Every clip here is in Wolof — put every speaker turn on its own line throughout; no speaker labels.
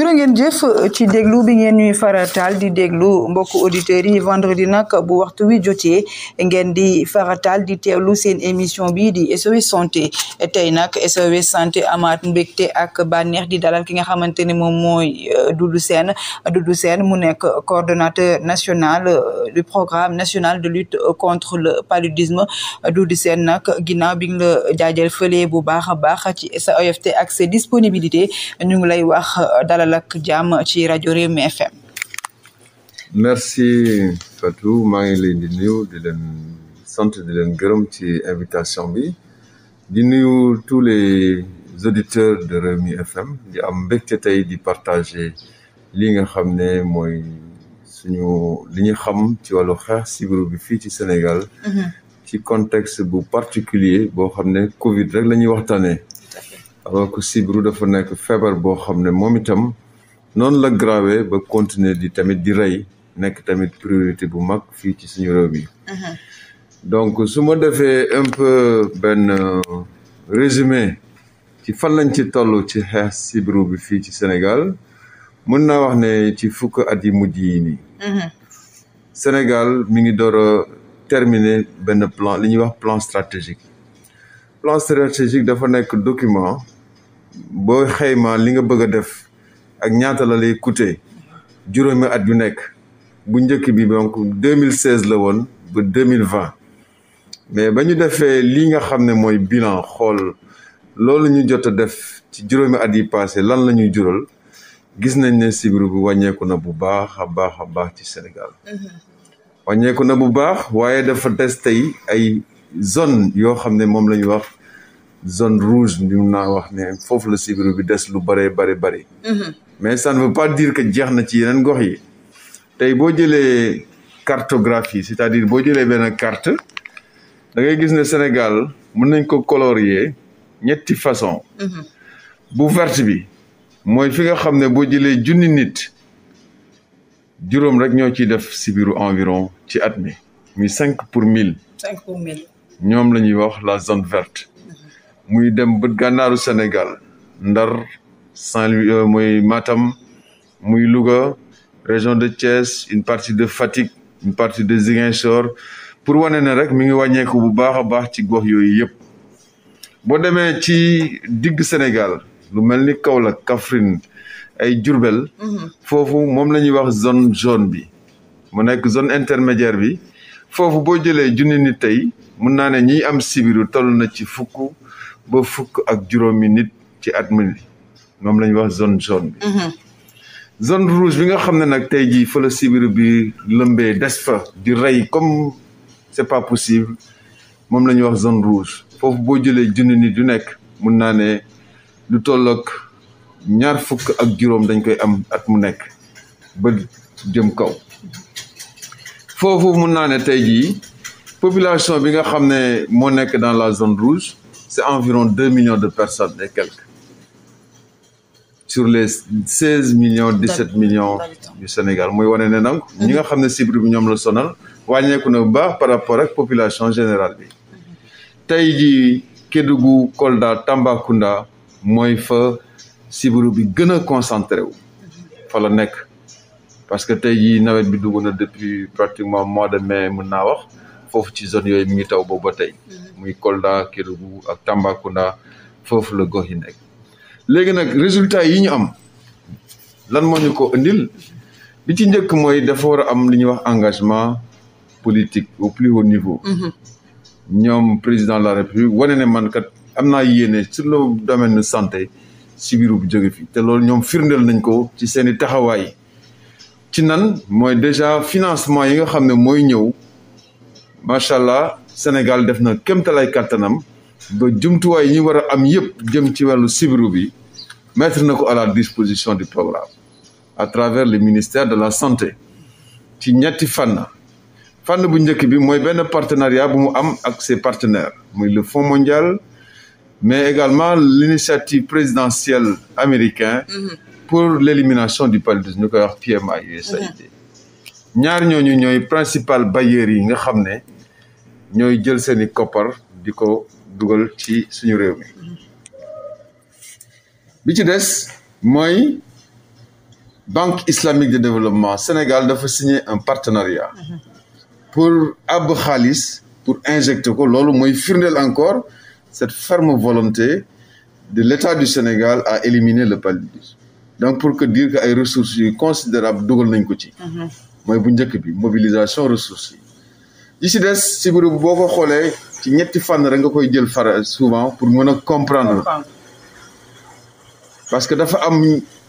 jërë ngeen jëf ci déglu bi ngeen ñuy farataal di déglu mbokku auditeurs yi vendredi nag bu waxtu wi jotee ngeen di farataal di teelu seen émission bi di SOS santé tey nag SOS santé amaat mbégte ak bànneex di dalal ki nga xamante ne moom mooy euh, Doudou Sène Doudou Sène mu nekk coordonnateur national euh, du programme national de lutte contre le paludisme Doudou Sène nag ginnaaw bi nga la fa fële bu baax a baax ci sa OFT ak sa disponibilité ñu lay wax euh, dalal dal ak jàmm ci rajo Rewmi FM.
maa ngi leen di nuyu di leen sant di leen gërëm ci invitation bi di nuyu tous les auditeurs de Rewmi FM di am mbégte tey di partager li nga xam ne mooy suñu li ñu xam ci wàllu xeex sibiru bi fii ci Sénégal. Mhm. ci contexte bu particulier boo xam ne Covid rek la waxtaanee. alors que sibiru dafa nekk feebar boo xam ne moom itam noonu la grave ba continuer di tamit di rey nekk tamit priorité bu mag fii ci suñu bi uh-huh. donc su ma defee un peu benn euh, résumé ci fan lañ ci toll ci xeex sibiru bi fii ci Sénégal mën naa wax ne ci fukk at yi mujj yi nii uh-huh. Sénégal mi ngi door a terminer benn plan li ñuy wax plan stratégique plan stratégique dafa nekk document boo xaymaa li nga bëgg a def ak ñaata la lay coûter juróomi at yu nekk bu njëkk bi donc 2016 la woon ba 2020 mais ba ñu defee lii nga xam ne mooy bilan xool loolu ñu jot a def ci juróomi at yi passé lan la ñuy jural gis nañ ne sibiru bi wàññeeku na bu baax a baax a baax ci Sénégal
mm-hmm.
wàññeeku na bu baax waaye dafa des tey ay zone yoo xam ne moom la wax zone rouge bi mun naa wax ne foofu la sibiru bi des lu bëree bëri bëri. Mhm. mais ça ne veut que jeex na ci yeneen gox yi. tey boo jëlee cartographie c'est-à-dire boo jëlee benn carte da ngay gis ne Sénégal mën nañ ko colorier ñetti façon. Mhm. bu verte bi mooy fi nga xam ne boo jëlee junni nit juróom rek ñoo ciy def sibiru environ ci at mi muy cinq pour mille.
cinq pour mille.
ñoom la ñuy wax la zone verte. muy dem bët gànnaaru Sénégal Ndar Saint-Louis euh, muy Matam muy Louga région de Thiès une partie de Fatick une partie de Ziguinchor pour wane na rek mi ngi wàññeeku bu baax a baax ci gox yooyu yëpp boo demee ci digg Sénégal lu mel ni Kaolack Kaffrine ay Diourbel mhm. foofu moom la ñuy wax zone jaune bi mu nekk zone intermédiaire bi foofu boo jëlee junni ni tey mun naa ne ñiy am sibiru toll na ci fukk ba fukk ak juróomi nit ci at mi moom la ñuy wax zone jaune bi. Mhm. zone rouge bi nga xam ne nag tey jii fa la sibiru bi lëmbee des fa di rey comme c'est pas possible moom la ñuy wax zone rouge foofu boo jëlee junni nit du nekk mun naa ne lu tollook ñaar fukk ak juróom dañ koy am at mu nekk ba jëm kaw foofu mun naa ne tey jii population bi nga xam ne moo nekk dans la zone rouge. c'est environ deux millions de personnes et quelques sur les seize millions dix-sept millions du Sénégal mooy wane ne nag ñi nga xam ne cible bi ñoom la sonal wàññeeku na bu baax par rapport ak population général bi tey jii Kédougou Kolda Tambacounda mooy fa cible bi gën a concentré wu fa la nekk parce que tey jii nawet bi dugg na depuis pratiquement mois de mais mën naa wax foofu ci zone yooyu mi ngi taw boobu tey mhm. muy Kolda Kédougou ak Tambacounda foofu la gox yi nekk léegi nag résultat yi ñu am lan moo ñu ko indil bi ci njëkk mooy dafa war a am li ñuy wax engagement politique au plus haut niveau mhm. ñoom président de la république wane ne man kat am naa yéene sur loo domaine de santé si biir bu jóge fi te loolu ñoom firndeel nañ ko ci seen i taxawaay ci nan mooy déjà financement yi nga xam ne mooy ñëw macha allah Sénégal def na kéemtalaay kàttanam ba jumtuwaay yi ñu war a am yëpp jëm ci wàllu sibiru bi mettre na ko à la disposition du programme à travers le ministère de la santé ci ñetti fànn fànn bu njëkk bi mooy benn partenariat bu mu am ak ses partenaires muy le Fonds mondiale mais également l'initiative présidentielle américain mm-hmm. pour l'élimination du paludisme ñu koy wax PMI USAID mm-hmm. ñaar ñooñu ñooy principal bailleurs yi nga xam ne ñooy jël seeni koppar di ko dugal ci suñu réew mi bi ci des mooy banque islamique de développement Sénégal dafa signer un partenariat pour àbb xaalis pour injecter ko loolu mooy firndeel encore cette ferme volonté de l'État du Sénégal à éliminer le paludisme donc pour que dire que ay ressources yu considérable dugal nañ ko ci mhm. mooy bu njëkk bi mobilisation ressources yi li si des boo ko xoolee ci ñetti fànn rek nga koy jël fara souvent pour mën a comprendre parce que dafa am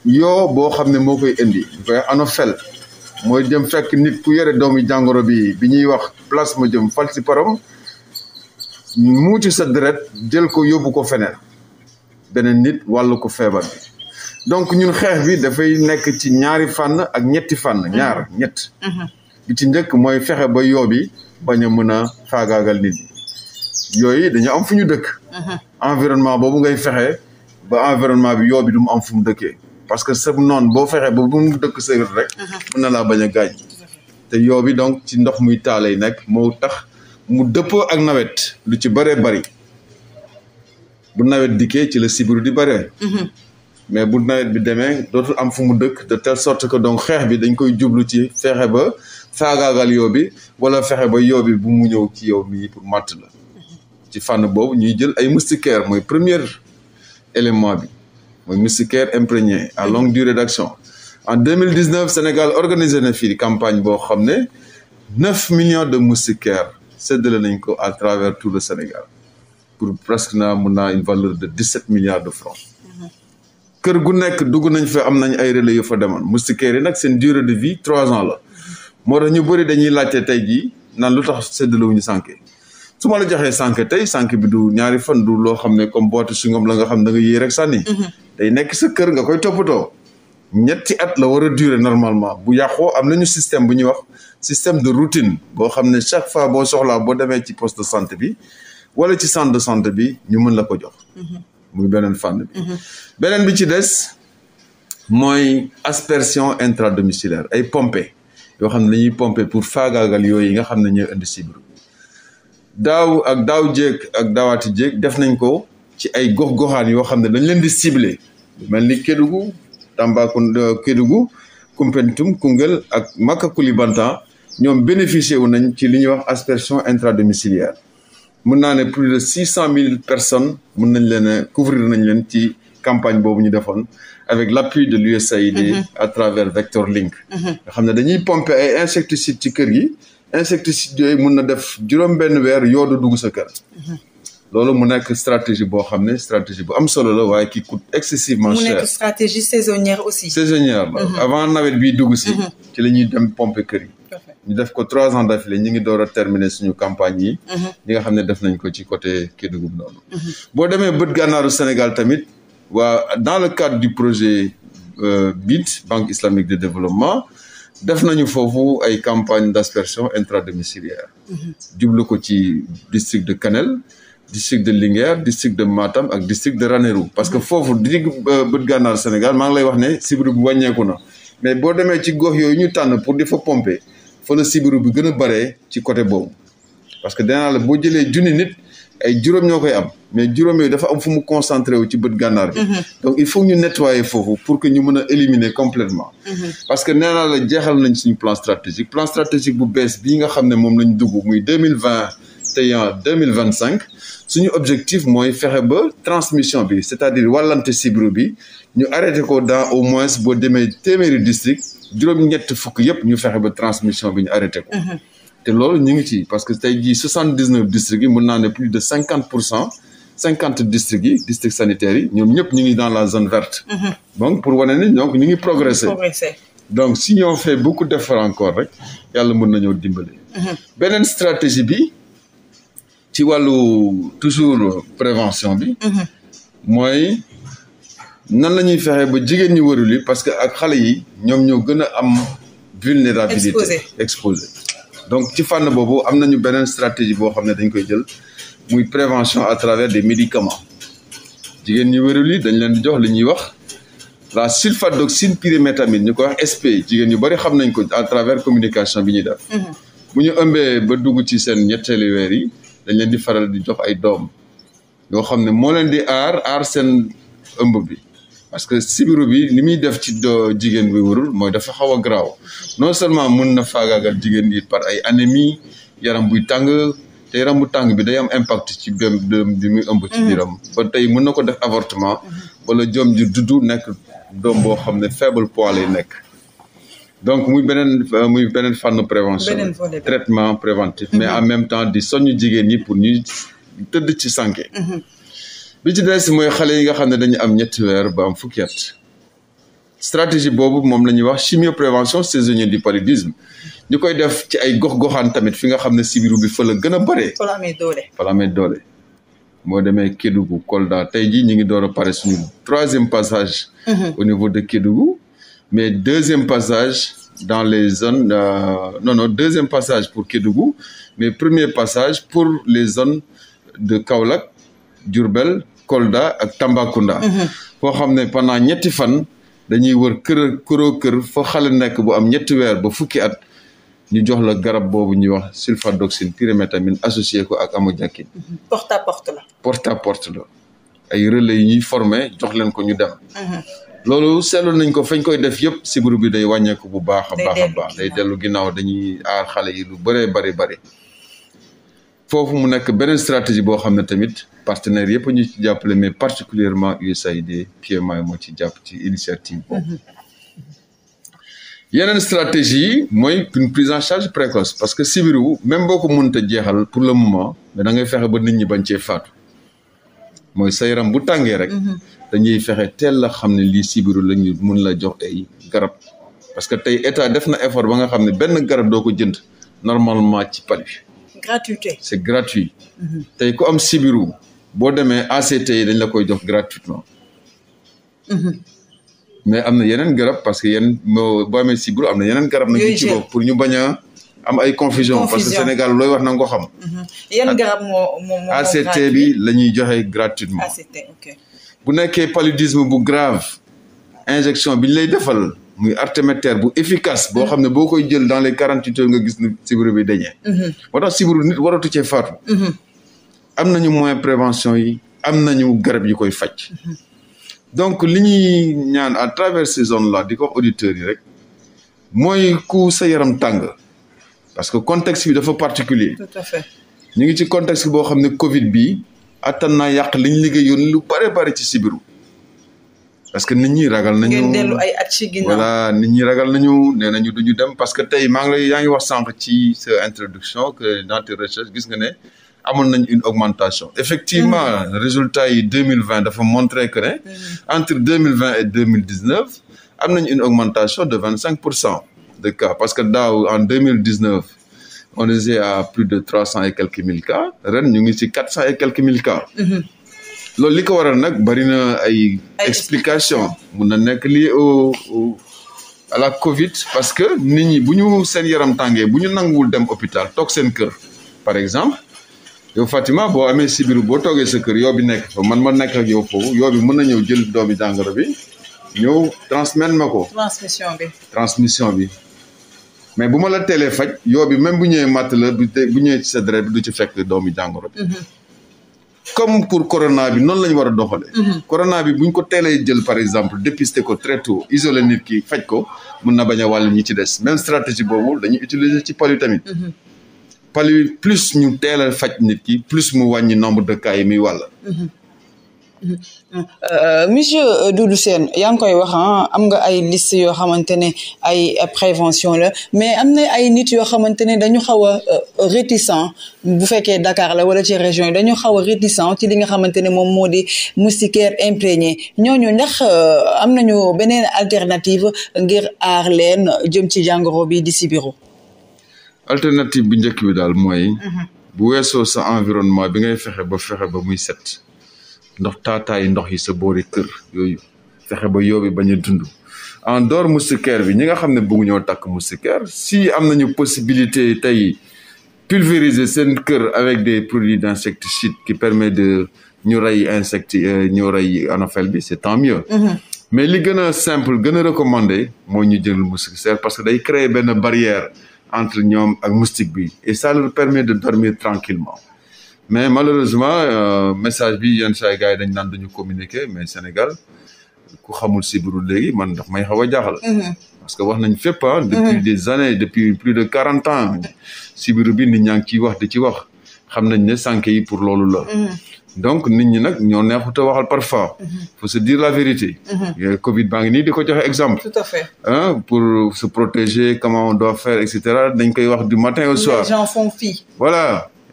yoo boo xam ne moo koy indi ñu koy anophèle mooy dem fekk nit ku yore doomu jàngoro bi bi ñuy wax place moo jëm plasmodium falciparum mu ci sa deret jël ko yóbbu ko feneen beneen nit wàllu ko feebar bi donc ñun xeex bi dafay nekk ci ñaari fànn ak ñetti fànn ñaar mhm. ñett mhm. bi ci njëkk mooy fexe ba yoobi bañ a mën a faagaagal nit yooyu dañu am fu ñu dëkk mhm. environnement boobu ngay fexe ba environnement bi yoobi du mu am fu mu dëkkee parce que sa noon boo fexe ba bu mu dëkk sa rek mën na laa bañ a gaañ te yoobi donc ci ndox muy taalay nekk moo tax mu dëppoo ak nawet lu ci bëree bari bu nawet dikkee ci la sibiru di bëree mais bu nawet bi demee dootul am fu mu dëkk de telle sorte que donc xeex bi dañ koy jublu ci fexe ba faagaagal yoo bi wala fexe ba yoo bi bu mu ñëw ci yow mii pour matt la ci fànn boobu ñuy jël ay moustiquaires mooy premier élément bi mooy moustiquaire imprégné à longue durée d'action en 2019 Sénégal organisé na fii campagne boo xam ne neuf millions de moustiquaires séddale nañ ko à travers tout le Sénégal pour presque naa mun naa une valeur de dix-sept milliards de francs kër gu nekk dugg nañ fa am nañ ay relais yu fa demoon moustiquaire yi nag seen durée de vie trois ans la moo tax ñu bëri dañuy laajte tey jii nan lu tax séddalewuñu sànke su ma la joxee sànke tey sànke bi du ñaari fan du loo xam ne comme boote su ngoom la nga xam da nga yéey rek sànni mm-hmm. day nekk sa kër nga koy toppatoo ñetti at la war a durer normalement bu yàqoo am nañu système bu ñuy wax système de routine boo xam ne chaque fois boo soxlaa boo demee ci poste de santé bi wala ci centre de santé bi ñu mën la ko jox mm-hmm. muy beneen fànn bi mhm. beneen bi ci des mooy aspersion intradomiciliaire ay pompé yoo xam ne dañuy pompe pour faagaagal yooyu yi nga xam ne ñuy indi sibiru daaw ak daaw jéeg ak daawaati jéeg def nañ ko ci ay gox-goxaan yoo xam ne dañ leen di ciblé mel ni Kédougou Tambacounda euh, Kédougou Koumpentoum Koungheul ak Maka Koulibantang ñoom bénéficié wu nañ ci li ñuy wax aspersion intradomiciliaire mun naa ne plus de six cent mille personnes mën nañ leen a couvrir nañ leen ci campagne boobu ñu defoon avec l'appui de l'USAID mm -hmm. à travers Vector Link mhm. nga xam ne dañuy pomper ay insecticide ci kër yi insecticide yooyu mun na def juróom benn weer yoodu dugg sa kër mhm. loolu mu nekk stratégie boo xam ne stratégie bu am solo la waaye qui coûte excessivement cher mu nekk
stratégie saisonnière aussi
saisonnière la mhm. avant nawet bi dugg si ci la ñuy dem pomper kër yi ñu def ko trois ans d'affilée ñi ngi door a terminer suñu campagne yi mhm. ñi nga xam ne def nañ ko ci côté Kédougou noonu mhm. boo demee bët gànnaaru Sénégal tamit waa dans le cadre du projet euh, BID Banque islamique de développement def nañu foofu ay campagne d'aspersion intradomiciliaire mhm. jublu ko ci district de Kanel district de Linguère district de Matam ak district de Ranérou parce que foofu di euh, bët gànnaaru Sénégal maa ngi lay wax ne sibiru bu wàññeeku na mais boo demee ci gox yooyu ñu tànn pour di fa la sibiru bi gën a baree ci côté boobu parce que danaa la boo jëlee junni nit ay juróom ñoo koy am mais juróom yooyu dafa am fu mu concentré wu ci bët gànnaar bi mhm. donc il faut ñu nettoyer foofu pour que ñu mën a éliminer completement mhm. parce que neena la jeexal nañ suñu plan stratégique plan stratégique bu bees bii nga xam ne moom lañ dugg muy deux mille vingt et un deux mille vingt cinq suñu objectif mooy fexe ba transmission bi c'est-à-dire wàllante sibiru bi ñu arrêté ko dans au moins boo demee téeméeri district juróom ñett fukk yëpp ñu fexe ba transmission bi ñu arrêté ko. Mhm. te loolu ñu ngi ci parce que tey jii soixante dix neuf districts yi mën naa ne plus de cinquante pour cent cinquante districts yi yi ñoom ñëpp ñu ngi dans la zone verte. Mhm. donc pour wane ne donc ñu ngi progressé. donc si on fait beaucoup d'efforts encore rek yàlla mën nañoo dimbali. Mhm. beneen stratégie bi ci wàllu toujours prévention bi. mooy. nan la ñuy fexee ba jigéen ñi wërul yi parce que ak xale yi ñoom ñoo gën a am vulnérabilité exposé exposé donc ci fànn boobu am nañu beneen stratégie boo xam ne dañ koy jël muy prévention à travers des médicaments jigéen ñi wërul yi dañ leen di jox li ñuy wax la sulfadoxine pyrimétamine ñu koy wax SP jigéen ñu bari xam nañ ko à travers communication bi ñuy def mm-hmm. ñu ëmbee ba dugg ci seen ñetteelu weer yi dañ leen di faral di jox ay doom yoo xam ne moo leen di aar aar seen ëmb bi parce que sibiru bi ni muy def ci jigéen bi warul mooy dafa xaw a garaaw non seulement mën na faagaagal jigéen bi par ay anémie yaram buy tàng te yaram bu tàng bi day am impact ci bém bi muy ëmb ci mhm. biiram ba tey mën na ko def avortement mhm. wala jom ji dudd nekk doom boo xam ne faible poids lay nekk donc muy beneen euh, muy beneen fànn prévention traitement préventif mais mhm. en même temps di soññ jigéen ñi pour ñuy tëdd ci sànke bi ci des mooy xale yi nga xam ne dañu am ñetti weer ba am fukki at stratégie boobu moom la ñuy wax chimio prévention saisonnière du paludisme ñu koy def ci ay gox-goxaan tamit fi nga xam ne sibiru bi fa la gën a bëree. fa la amee doole moo demee amee doole. boo Kolda tey jii ñu ngi door a pare suñu troisième passage. Mhm. au niveau de Kédougou. mais deuxième passage dans les zones euh, non non deuxième passage pour Kédougou mais premier passage pour les zones de Kaolack Diourbel Kolda ak Tambacounda. Mhm. foo xam ne pendant ñetti fan dañuy wër kër këroo kër foo xale nekk bu am ñetti weer ba fukki at ñu jox la garab boobu ñuy wax sulfadoxine pyrimétamine associé ko ak amodiaquine. Mhm. porte à porte la. porte à porte ay relais yi ñuy formé jox leen ko ñu dem. Mhm. loolu seetlu nañ ko fañ koy def yëpp sibiru bi day wàññeeku bu baax a baax a baax day dellu ginnaaw dañuy aar xale yi lu bëree bari bari foofu mu nekk beneen stratégie boo xam ne tamit partenaires yëpp ñu ci jàppale mais particulièrement USAID PMI moo ci jàpp ci initiative boobu mhm. yeneen stratégie yi mooy une prise en charge précoce parce que sibiru même boo ko mënta jeexal pour le moment mais da ngay fexe ba nit ñi bañ cee faatu mooy sa yaram bu tàngee rek mhm. dañuy fexe teel la xam ne lii sibiru la mun la jox tey garab parce que tey état def na effort ba nga xam ne benn garab doo ko jënd normalement ci pal bi gratuité. c' est gratuit. Mhm. tey ku am sibiru boo demee ACT yi dañ la koy jox gratuitement. Mhm. mais am na yeneen garab parce que yeneen boo amee sibiru am na yeneen garab. na ci boobu pour ñu bañ am ay confusion parce que Sénégal looy wax na nga ko xam. Mhm.
yan garab moo moo moo ACT bi
la ñuy joxe gratuitement. ACT bu nekkee paludisme bu grave injection bi ñu lay defal. muy artemètre bu efficace boo xam ne boo koy jël dans les quarante huit nga gis ni sibiru bi dañee mm-hmm. moo tax sibiru nit waratu cee faatu mm-hmm. am nañu moyen prévention yi am nañu garab yi koy faj mm-hmm. donc li ñuy ñaan à travers ces zones di ko wax auditeurs yi rek mooy ku sa yaram tàng parce que contexte bi dafa particulier tout ñu ngi ci contexte boo xam ne covid bi attan naa yàq li ñu liggéeyoon lu bare bare ci sibiru parce que nit ñi ragal nañu ngeen dellu ay ñi ragal nañu nee nañu duñu dem parce que tey maa ngi lay yaa ngi wax sànq ci sa introduction que dans tes gis nga ne amoon nañ une augmentation effectivement mm. résultat yi deux mille vingt dafa montrer que ne mm. entre deux mille vingt et mille dix neuf am nañ une augmentation de vingt cinq pour cent de cas parce que daaw en deux mille dix neuf on était à plus de trois cent et quelques mille cas ren ñu ngi ci quatre cent et quelques loolu li ko waral nag bari na ay explication mun na nekk lié au à la Covid parce que nit ñi bu ñu seen yaram tàngee bu ñu nanguwul dem hôpital toog seen kër par exemple yow Fatima boo amee sibiru boo toogee sa kër yoo bi nekk fa man ma nekk ak yow foofu yoo bi mën na ñëw jël doomi jàngoro bi ñëw transmettre ma ko.
transmission bi.
transmission bi mais bu ma la teelee faj yoo bi même bu ñëwee màtt la bu ñëwee ci sa deret bi du ci fekk doomi jàngoro bi. Mm-hmm. comme pour corona bi noonu lañu war a doxalee. Mhm. corona bi bu ñu ko teelee jël par exemple dépister ko très tôt isoler nit ki faj ko mun na bañ a wàll ñi ci des même stratégie boobu dañuy utiliser ci palu tamit. Mhm. palu plus ñu teel a faj nit ki plus mu wàññi nombre de mi yi
Euh, euh, monsieur euh, Doudou Sène yaa ngi koy wax ah, am nga ay liste yoo xamante ne ay prévention la mais am na ay nit yoo xamante ne dañu xaw a réticent bu fekkee Dakar la wala ci région yi dañu xaw a réticent ci li nga xamante ne moom moo di moustiquaire imprégné ñooñu ndax am nañu beneen alternative ngir aar leen jëm ci jàngoro bi di sibiru
alternative bu njëkk bi daal mooy. Mhm. bu weesoo sa environnement bi ngay fexe ba fexe ba muy set. ndox taataayu ndox yi sa boori kër yooyu fexe ba yoobi ba ñu dund en dehors moustiquaire bi ñi nga xam ne bëggu ñoo takk moustiquaire si am nañu possibilité tey pulvériser seen kër avec des produits d'insecticide qui permet de ñu rey insecte euh, ñu rey anophèle bi c'est tant mieux mm-hmm. mais li gën a simple gën a recommandé mooy ñu jël moustiquaire parce que day créer benn barrière entre ñoom ak moustique bi et ça leur permet de dormir tranquillement mais malheureusement euh, message bi yenn saa gars yi dañ naan dañu communiquer mais Sénégal ku xamul sibiru léegi man daf may xaw a jaaxal. Mhm. parce que wax nañ fépp ah. Mhm. depuis des années depuis plus de quarante ans sibiru bi nit ñaa ngi ciy wax di ci wax xam nañ ne sànq yi pour loolu la. Mhm. donc nit ñi nag ñoo neexut a waxal parfois. faut se dire la vérité. Covid baa ngi nii di ko joxe exemple.
tout
pour se protéger comment on doit faire et cetera koy wax du matin au soir.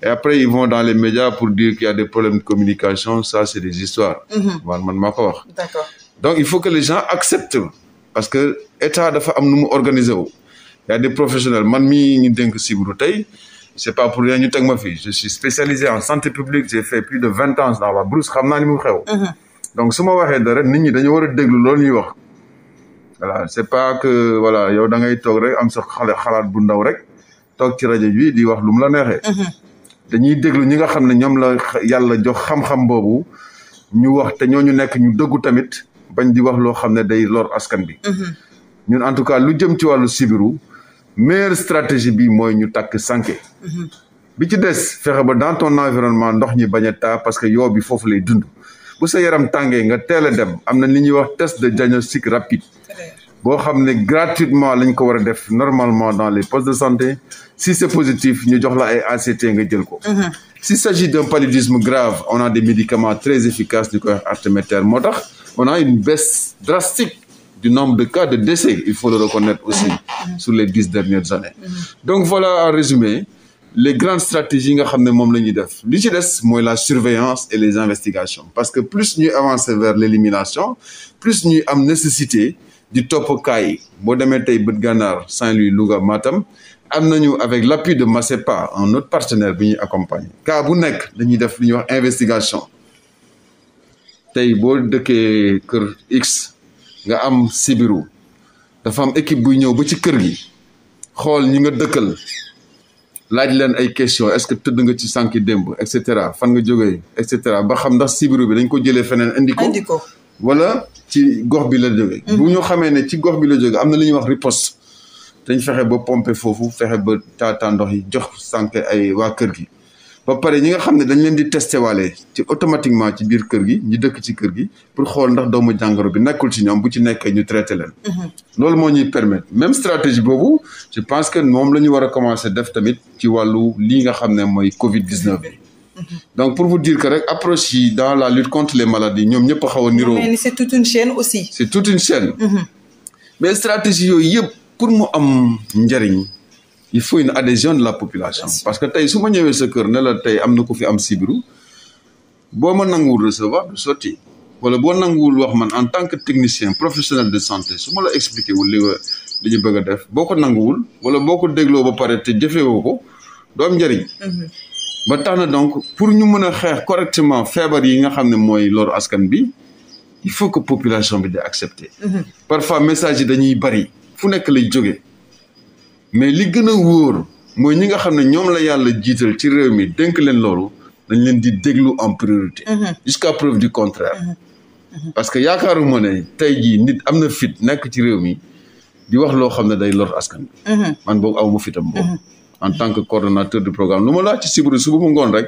Et après, ils vont dans les médias pour dire qu'il y a des problèmes de communication. Ça, c'est des histoires. Mhm. man man maa ko wax. d'accord donc il faut que les gens acceptent. parce que état dafa am nu organiser wu. y a des professionnels man mii ñu dénk Sibiru tey. c'est pas pour rien ñu teg ma fii je suis spécialisé en santé publique j'ai fait plus de vingt ans dans la brousse xam naa li mu xew. Mhm. donc su ma waxee dara nit ñi dañu war a déglu loolu ñuy wax. voilà c'est pas que voilà yow da ngay toog rek am sa xale xalaat bu ndaw rek toog ci rajo bi di wax lu mu la neexee. Mhm. dañuy déglu ñi nga xam ne ñoom la yàlla jox xam-xam boobu ñu wax te ñoo ñu nekk ñu dëggu tamit bañ di wax loo xam ne day lor askan bi. Mhm. ñun en tout cas lu jëm ci wàllu sibiru meilleure stratégie bi mooy ñu takk sànke. Mhm. bi ci des fexe ba dans ton environnement ndox ñi bañ a taa parce que yoo bi foofu lay dund bu sa yaram tàngee nga teel a dem am na li ñuy wax test de diagnostic rapide. boo xam ne gratuitement lañ ko war a def normalement dans les postes de santé si c'est positif ñu jox la ay ACT nga jël ko. Mhm. s'il s'agit d'un paludisme grave on a des médicaments très efficaces ñu koy wax artéméter moo tax on a une baisse drastique du nombre de cas de décès il faut le reconnaître aussi mhm. sur les dix dernières années. Mhm. donc voilà en résumé les grandes stratégies nga xam ne moom la ñuy def li ci mooy la surveillance et les investigations parce que plus ñuy avancer vers l'élimination plus ñuy am nécessité. di topp kaay boo demee tey bët gànnaar Saint-Louis Louga maatam am na ñu avec l'appui de Macepa un autre partenaire bi ñuy accompagne cas bu nekk dañuy def lu ñuy wax investigation tey boo dëkkee kër X nga am sibiru dafa am équipe buy ñëw ba ci kër gi xool ñi nga dëkkal laaj leen ay question est-ce que tëdd nga ci sànki démb et cetera fan nga jógee et cetera ba xam ndax sibiru bi dañ ko jëlee feneen indi ko wala ci gox bi la jóge mm-hmm. bu ñoo xamee ne ci gox bi la jóge am na li ñuy wax riposte dañ fexe ba pomper foofu fexe ba taata ndox yi jox sànq ay waa kër gi ba pare ñi nga xam ne dañ leen di testé waale ci automatiquement ci biir kër gi ñu dëkk ci kër gi pour xool ndax doomu jàngoro bi nekkul ci ñoom bu ci nekkee ñu traité leen mm-hmm. loolu moo ñuy permettre même stratégie boobu je pense que moom la ñu war a commencer def tamit ci wàllu lii nga xam ne mooy covid 19 bi donc pour vous dire que rek approche yi dans la lutte contre les maladies ñoom ñëpp a xaw a niroo. mais
c'est toute une chaîne aussi.
c'est toute une chaîne. Mm-hmm. mais stratégie yooyu yëpp pour mu am njariñ il faut une adhésion de la population. parce que tey su ma ñëwee sa kër ne la tey am na ku fi am sibiru boo ma nanguwul recevoir du sotti wala boo nanguwul wax man en tant que technicien professionnel de santé su ma la expliqué wul li li ñu bëgg def boo ko nanguwul wala boo ko dégloo ba pare te jëfewoo ko du am ba tax na donc pour ñu mën a xeex correctement feebar yi nga xam ne mooy loru askan bi il faut que population bi di accepter. Mhm. parfois message dañuy bari fu nekk lay jóge mais li gën a wóor mooy ñi nga xam ne ñoom la yàlla jiital ci réew mi dénk leen loolu dañ leen di déglu en priorité. Mhm. Mhm. jusqu'à preuve du contraire. parce que yaakaaru yaakaaruma ne tey jii nit am na fit nekk ci réew mi di wax loo xam ne day lor askan bi man boog aw ma fitam boobu. en tant que coordonnateur du programme lu ma laaj ci sibru suba mu ngoon rek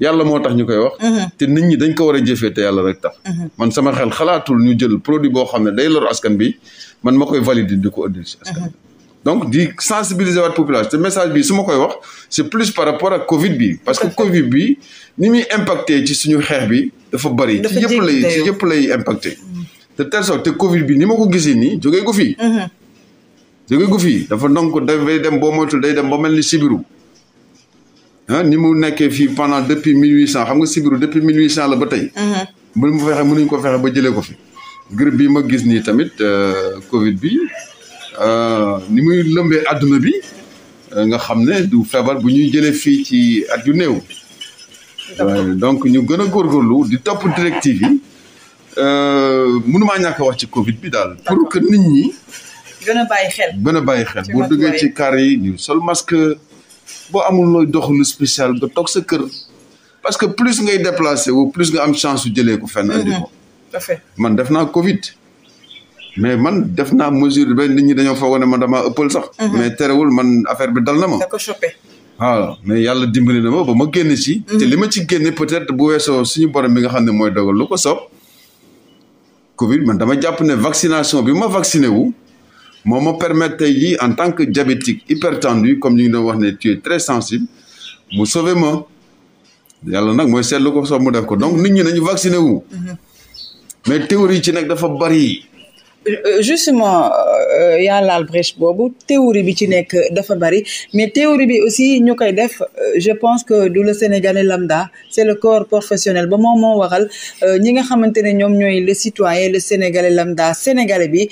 yàlla moo tax ñu koy wax mhm. te nit ñi dañ ko war a jëfee te yàlla rek tax mhm. man sama xel xalaatul ñu jël produit boo xam ne day lor askan bi man ma koy valider di ko audil mhm. donc di sensibiliser waat population te message bi su ma koy wax c'est plus par rapport ak Covid bi parce que Covid bi ni muy impacté ci suñu xeex bi dafa bari ci yëpp lay ci yëpp lay impacté de telle sorte te Covid bi ni ma ko gisee nii jógee ko fii jóge gu fii dafa donc dafay dem boo moytul day dem ba mel ni sibiru ah ni mu nekkee fii pendant depuis mille huit cent xam nga sibiru depuis mille huit la ba tey mhm. mënu mu fexe mënuñu ko fexe ba jëlee ko fi grippe bi ma gis nii tamit euh, covid bi euh, ni muy lëmbee àdduna bi euh, nga xam ne du feebar bu ñuy jëlee fii ci at yu néew donc ñu gën a góorgóorlu di topp directive yi mënumaa ñàkk wax ci covid bi daal pour que nit ñi
gën a bàyyi xel.
a bàyyi xel boo duggee ci car yi ñu sol masque boo amul looy dox lu spécial nga toog sa kër. parce que plus ngay déplacé wu plus nga am chance su jëlee ko fenn andi
mm-hmm.
man def naa Covid. mais man def naa mesure ba nit ñi dañoo foog ne man damaa ëppal sax. Mm-hmm. mais terewul man affaire bi dal na ma. da ko chopé. mais yàlla dimbali na ma ba ma génn ci. Mm-hmm. te li ma ci génne peut-être bu weesoo suñu borom bi nga xam ne mooy dogal lu ko soob. Covid man dama jàpp ne vaccination bi ma vacciné wu. moom ma permettre tey ji en tant que diabétique hypertendu comme ñu ngi doon wax ne tu es très sensible mu sauvé ma nag mooy seetlu ko sax mu def ko donc nit ñi nañu vacciné wu. Mhm. mais théorie ci nag dafa bari.
Euh, justement euh, yaa laal brèche boobu théorie bi ci nekk dafa bari mais théorie bi aussi ñu koy def euh, je pense que du le sénégalais lambda c'est le corps professionnel ba moom moo waxal ñi nga xamante ne ñoom ñooy le citoyen le sénégalais lambda sénégalais bi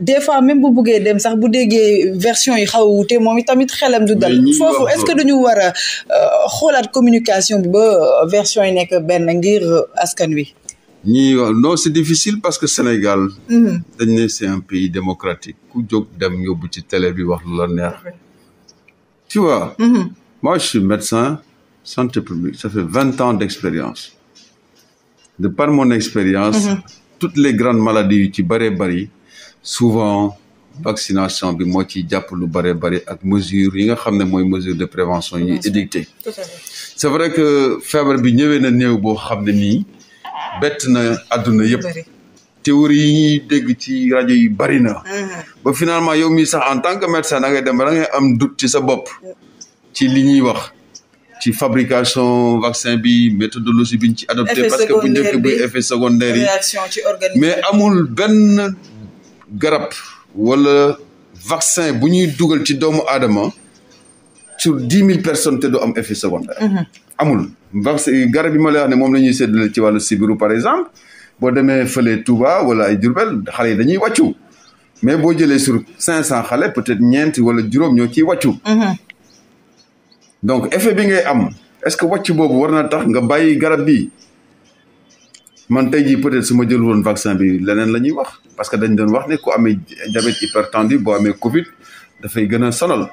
des fois même bu buggee dem sax bu déggee version yi xaw a wuute moom itamit xelam du dal foofu est-ce que dañu war a euh, xoolaat communication bi ba euh, version yi nekk benn ngir askan wi
ñii wax non c'est difficile parce que Sénégal mhm. dañ ne c'est un pays démocratique ku jóg dem yóbbu ci télé bi wax lu la neex tu vois mhm. moi je suis médecin santé publique ça vingt ans d'expérience de par mon expérience mhm. toutes les grandes maladies yu ci bëree bëri souvent vaccination bi moo ci jàpp lu bare bare ak mesure yi nga xam ne mooy mesure de prévention yi édicté c'est vrai que feebar bi ñëwee na néew boo xam ne nii bett na àdduna yëpp théorie yi dégg ci rajo yi bari na uh-huh. ba finalement yow mii sax en tant que médecin da ngay dem ba ngay am doute ci sa bopp ci li ñuy wax ci fabrication vaccin bi méthodologie bi ñu ci adopté parce que bu njëkk bi effet secondaire yi mais amul benn garab wala vaccin bu ñuy dugal ci doomu aadama sur dix mille personnes te doo am effet secondaire. Mhm. amul vaccin garab yi ma lay ne moom la ñuy séddale ci wàllu sibiru par exemple boo demee fële tubaa wala ay Diourbel xale yi dañuy wàccu mais boo jëlee sur cinq cent xale peut-être ñeent wala juróom ñoo ciy wàccu. Mhm. donc effet bi ngay am est-ce que wàcc boobu war na tax nga bàyyi garab bi man tey jii peut-être su ma jël woon vaccin bi leneen la ñuy wax parce que dañ doon wax ne ku amee diabète hypertendu boo amee Covid dafay gën a sonal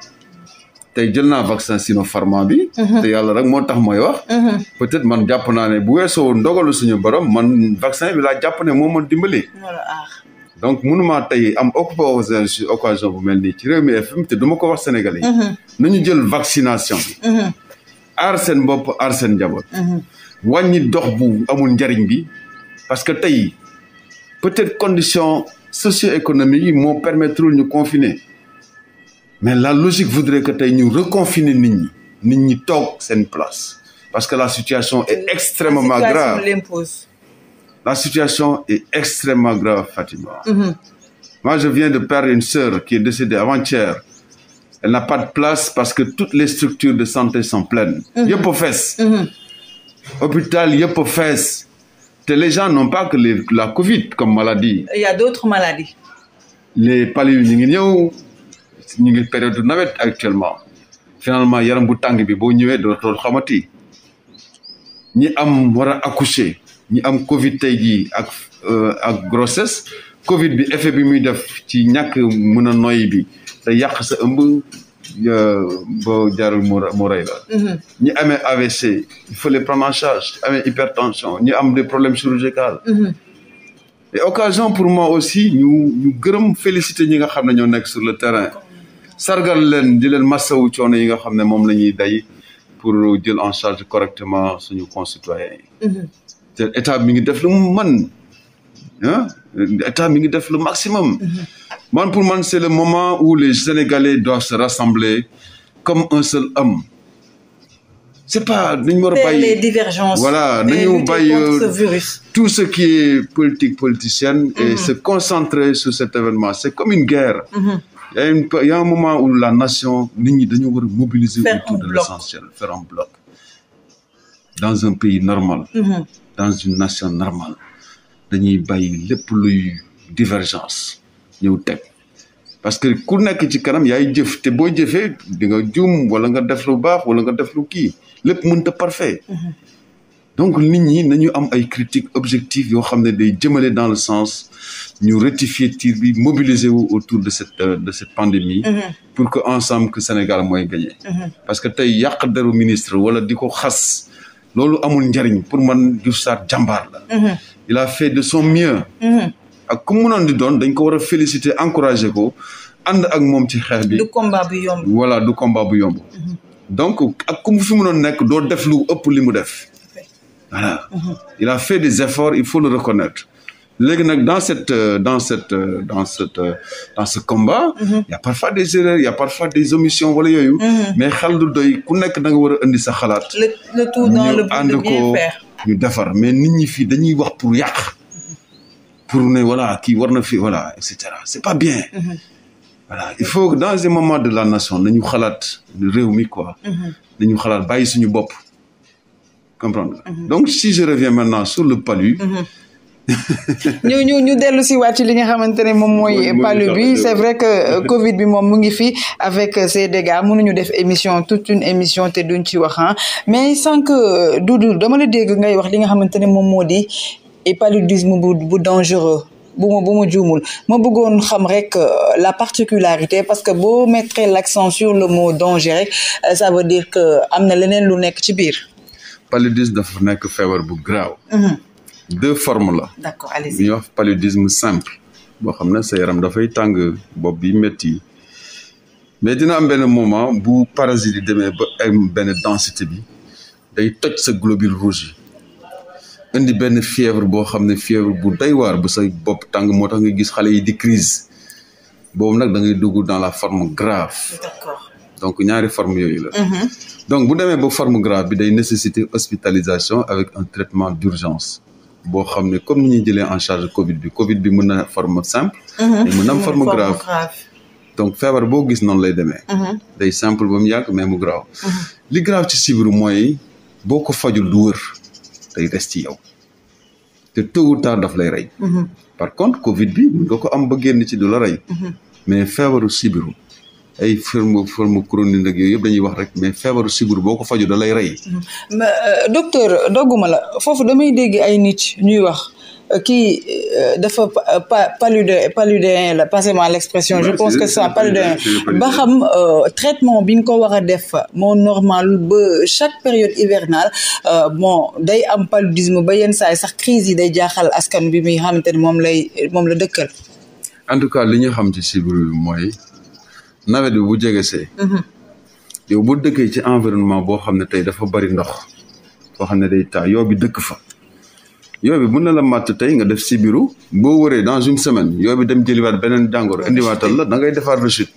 tey jël naa vaccin farment bi. Mhm. te yàlla rek moo tax mooy wax. Mhm. peut-être man jàpp naa ne bu weesoo ndogalu suñu borom man vaccin bi laa jàpp ne moo ma dimbali. donc mënumaa tey am occasion occasion bu mel nii ci Rewmi FM te du ma ko wax Sénégalais yi. Mhm. nañu jël vaccination bi. seen bopp aar seen njaboot. wàññi dox bu amul njariñ bi. parce que tey peut-être conditions socio économique yi moo permettrul ñu confiner mais la logique voudrait que tey ñu reconfiner nit ñi nit ñi toog seen place parce que la situation est extrêmement la situation grave
l'impose.
la situation est extrêmement grave Fatima
mm-hmm.
je viens de perdre une sœur qui est décédée avant-hier elle n'a pas de place parce que toutes les structures de santé sont pleines mm-hmm. yëpp mm-hmm. hôpital yëpp Et les gens n'ont pas la Covid comme maladie.
Il y a d'autres maladies.
Les palu ñu ngi ñëw ñu ngi période nawet actuellement finalement yaram bu tàng bi boo ñëwee dootoo xamati ñi am war a accoucher ñi am Covid tey jii ak euh, ak grossesse Covid bi effet bi muy def ci ñàkk mën a noyyi bi te yàq sa ëmb Euh, boo jaarul mu mu rey la mhm. ñi amee AVC il faut les prendre en charge amee hypertension ñi am des problèmes chirurgicaux mhm. et occasion pour moi aussi ñu gërëm féliciter ñi nga xam ne ñoo nekk sur le terrain sargal leen di leen massawu coono yi nga xam ne moom la ñuy day pour jël en charge correctement suñu concitoyens yi mhm. te mi ngi def lu man mën ah mi ngi def le maximum man pour man c'est le moment où les Sénégalais doivent se rassembler comme un seul homme c'est pas nañu war a bàyyi les divergences voilà nañu euh, tout ce qui est politique politicienne et mmh. se concentrer sur cet événement c'est comme une guerre mmh. a un moment où la nation nit ñi dañu war a mobiliser autour de l'essentiel faire un bloc dans un pays normal mmh. dans une nation normale dañuy bàyyi lépp luy divergence ñëw teg parce que ku nekk ci kanam yaay jëf te boo jëfee di nga juum wala nga def lu baax wala nga def lu lépp mënut a parfait mm-hmm. donc nit ñi nañu am ay critiques objectives yoo xam ne day jëmale dans le sens ñu rectifier tir bi mobiliser wu autour de cette euh, de cette pandémie mm-hmm. pour que ensemble que Sénégal mooy gagné mm-hmm. parce que tey yàq deru ministre wala di ko xas loolu amul njariñ pour man Diouf Sarr jàmbaar la il a fait de son mieux ak comme ku noon di doon dañ ko war a féliciter encourager ko ànd ak moom ci xeex bi. du combat bu yomb. du combat bu yomb. Mhm. donc ak ku mu fi mënoon nekk doo def lu ëpp li mu def. voilà mhm. il a fait des efforts il faut le reconnaître léegi nag dans cette dans cette dans cette dans ce combat. Mhm. y a parfois des omissions wala yooyu. mais xal du doy ku nekk da nga war a indi sa xalaat.
le tout ko
defar mais nit ñi fii dañuy wax pour yàq. pour voilà kii war na fi voilà et cetera c'est pas bien. Mm-hmm. il faut que dans les moments de la nation nañu xalaat réew mi quoi. Mm-hmm. nañu xalaat bàyyi suñu bopp. comprendre mm-hmm. donc si je reviens maintenant sur le palu.
ñu ñu ñu dellu si waat ci li nga xamante ne moom mooy palu bi c'est vrai que euh, Covid bi moom mu ngi fi avec ses euh, nu mënuñu def émission toute une émission te duñ ci wax mais sans que euh, Doudou dama la dégg ngay wax li nga xamante ne moom moo di et paludisme bu bu dangereux bu ma bu ma juumul ma bëggoon xam rek euh, la particularité parce que boo mettre l'accent sur le mot danger rek euh, ça veut dire que am na leneen lu nekk ci biir
paludisme dafa nekk feebar bu graaw mhm. deux formes la
d'accord allez-y bi ñuy
wax paludisme simple boo xam ne sa yaram dafay tàng bopp bi métti mais dina am benn moment bu parasite yi demee ba am benn densité bi day toj sa globule rouge indi benn fièvre boo xam ne fièvre bu doy waar bu sa bopp tàng moo tax nga gis xale yi di crise boobu nag da ngay dugg dans la forme grave. donc ñaari forme yooyu la. Mm-hmm. donc bu demee ba forme grave bi day nécessiter hospitalisation avec un traitement d'urgence boo xam ne comme ni ñuy jëlee en charge Covid bi Covid bi mën na forme simple. Mm-hmm. mais mën na am forme grave. donc feebar boo gis noonu lay demee. Mm-hmm. day simple ba mu yàgg mais mu grave. li grave ci sibiru mooy boo ko fajul day des ci yow te tôt ou tard daf lay rey. Mm-hmm. par contre Covid bi mun nga ko am ba génn ci du la rey. Mm-hmm. mais feebaru sibiru ay forme forme chronique ak yooyu yëpp dañuy wax rek mais o sibiru boo ko faju da lay rey.
Mm-hmm. Euh, docteur dogguma la foofu damay dégg ay nit ñuy wax. kii euh, dafa euh, paludé paludéen la passez-moi l'expression je pense que ça paludéen ba xam euh, traitement bi ñu ko war a def moo normal ba chaque période hivernale bon day am paludisme ba yenn saa sax crise yi day jaaxal askan bi muy xamante ne moom lay moom la dëkkal
en tout cas li ñu xam ci sibir bi mooy nawet bi bu jegesee mhm. yow bu dëkkee ci environnement boo xam ne tey dafa bari ndox boo xam ne day taa yow bi dëkk fa yoo bi mën na la matt tey nga def si boo wëree dans une semaine yoo bi dem jëliwaat beneen jàngoro indiwaatal la dangay ngay defaat rechute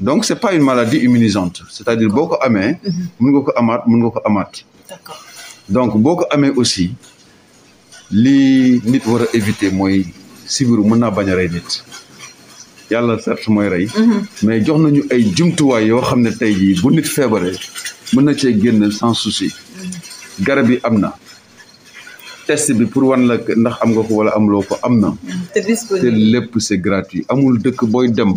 donc c'est pas une maladie immunisante c'est-à-dire boo ko amee mën nga ko amaat mën nga ko amaat donc boo ko amee aussi li nit war a éviter mooy sibiru mun naa bañ a rey nit yàlla certes mooy rey mm-hmm. mais jox nañu ay jumtuwaay yoo xam ne tey jii bu nit feebaree mën na cee génn sans souci mm-hmm. garab yi am na test bi pour wan la ndax am nga ko wala amuloo ko am na. te disponible te lépp c'est gratuit amul dëkk booy dem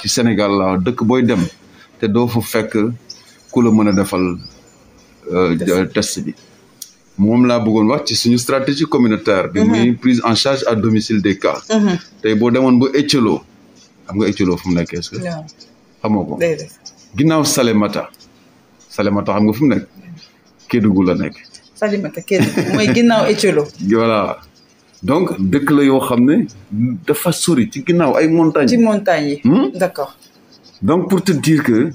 ci Sénégal la dëkk booy dem te doo fo fekk ku la mën a defal. Euh, euh, test bi moom laa bëggoon wax ci suñu stratégie communautaire. bi mhm. muy prise en charge à domicile des cas. Mhm. tey boo demoon ba Echelon xam nga Echelon fu mu nekk est-ce que. xamoo ko ginnaaw Salemata Salemata xam nga fu mu nekk Kédougou la nekk.
Salimata Kébé mooy ginnaaw Étiolo.
voilà donc dëkk la yoo xam ne dafa sori ci ginnaaw ay montagnes. ci
montagnes yi. Hmm?
d'accord. donc pour te dire que.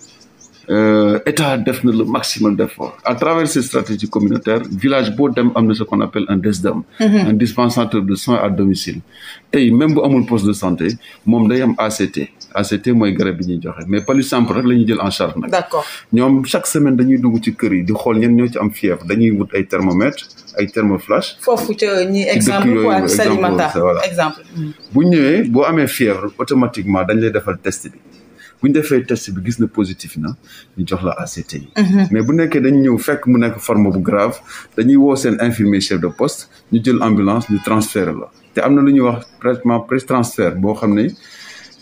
Euh, état def na le maximum d'efforts à travers ces stratégies communautaires village boo dem am na ce qu'on appelle un DSDOM mhm. un dispensateur de soins à domicile tey même bu amul poste de santé moom day am ACT ACT mooy garab bi ñuy joxe mais palu simple rek la ñuy jël en charge nag d'accord ñoom chaque semaine dañuy dugg ci kër yi di xool ñen ñoo ci am fièvre dañuy wut ay thermomètre ay thermoflash foofu
ca ñi exemple quoi Salimata exemple
bu ñëwee boo amee fièvre automatiquement dañ lay defal test bi bu ñu defee test bi gis na positif na ñu jox la ACT yi mhm. mais bu nekkee dañu ñëw fekk mu nekk forme bu grave dañuy woo seen infirmier chef de poste ñu jël ambulance ñu transférer la te am na lu ñuy wax traitement pré boo xam ne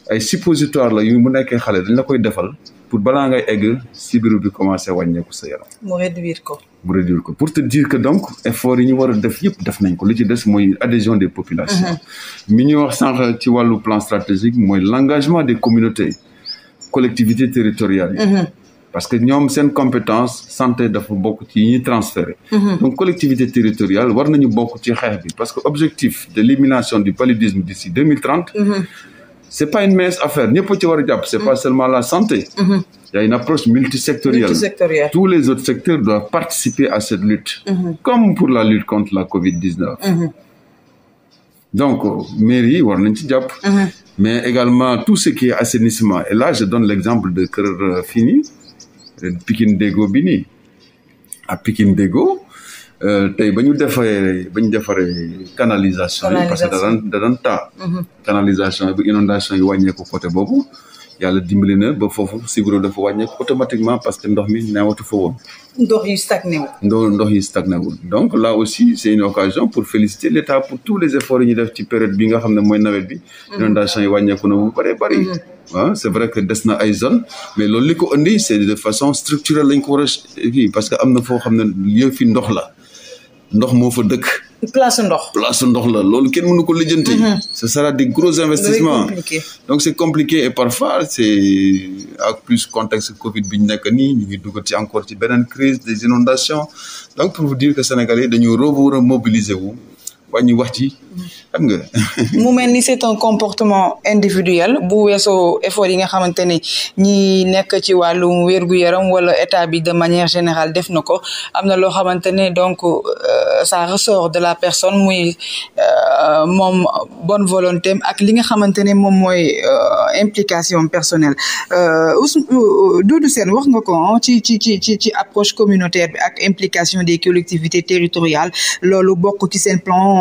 ay suppositoire la yu mu nekkee xale dañ la koy defal pour balaa ngay egg si biir bi commencé wàññeeku sa yaram.
mu réduire ko.
mu réduire ko pour te dire que donc effort yi ñu war a def yëpp def nañ ko li ci des mooy adhésion des population mhm. mi ñuy wax sànq ci wàllu plan mooy l'engagement des communautés. collectivités territoriales yi. Mm -hmm. parce que ñoom seen compétence santé dafa bokk ci yi mhm. donc collectivité territoriale war nañu bokk ci xeex bi parce que objectif de l'élimination du paludisme d'ici deux mille trente. Mhm. c'est pas une mince affaire ñëpp ci war a jàpp c'est mhm. pas seulement la santé. i y a une approche multisectorielle. multisectorielle. Tous les autres secteurs doivent participer à cette lutte. Comme pour la lutte contre la COVID-19. mais également tout ce qui est assainissement. Et là, je donne l'exemple de Kër euh, Fini, Pikine dégo bi nii à Pikine Dego euh, tey ba ñu defaree ba ñu defaree canalisation yi parce que da daan da daan taa mhm. canalisation bi inondation yi wàññeeku côté boobu yàlla dimbali na ba foofu sibiru dafa wàññeeku automatiquement parce que ndox mi neewatu fa woon.
ndox yi stagné
wul. ndox donc la aussi c' est une occasion pour féliciter l' état pour tous les efforts yi ñu def ci période bi nga xam ne mooy nawet bi. Mhm. inondation yi wàññeeku na mu bëree bëri. Mhm. ah vrai que des na ay zone mais loolu li ko indi c' de façon structurelle lañ ko war a kii parce que am na foo xam ne yëf fi ndox la ndox moo fa dëkk. place ndox. place ndox la loolu kenn mënu ko lijjanti. Mhm. ce sera des gros investissements. donc c' est compliqué et parfois c' est ak plus contexte Covid bi ñu nekk nii ñu ngi dugg ci encore ci benen crise des inondations donc pour vous dire que Sénégalais dañu war a mobiliser wu. wàññi
mu mel ni c'est un comportement individuel bu weesoo effort yi nga xamante ni ñi nekk ci wàllum wér-gu-yaram wala état bi de manière générale def na ko am na loo xamante ne donc sa euh, ressort de la personne muy euh, moom bonne volonté ak li nga xamante ne moom mooy euh, implication personnelle Doudou Sène wax nga ko ah, ci ci ci ci ci approche communautaire bi ak implication des collectivités territoriales loolu bokk ci seen plan.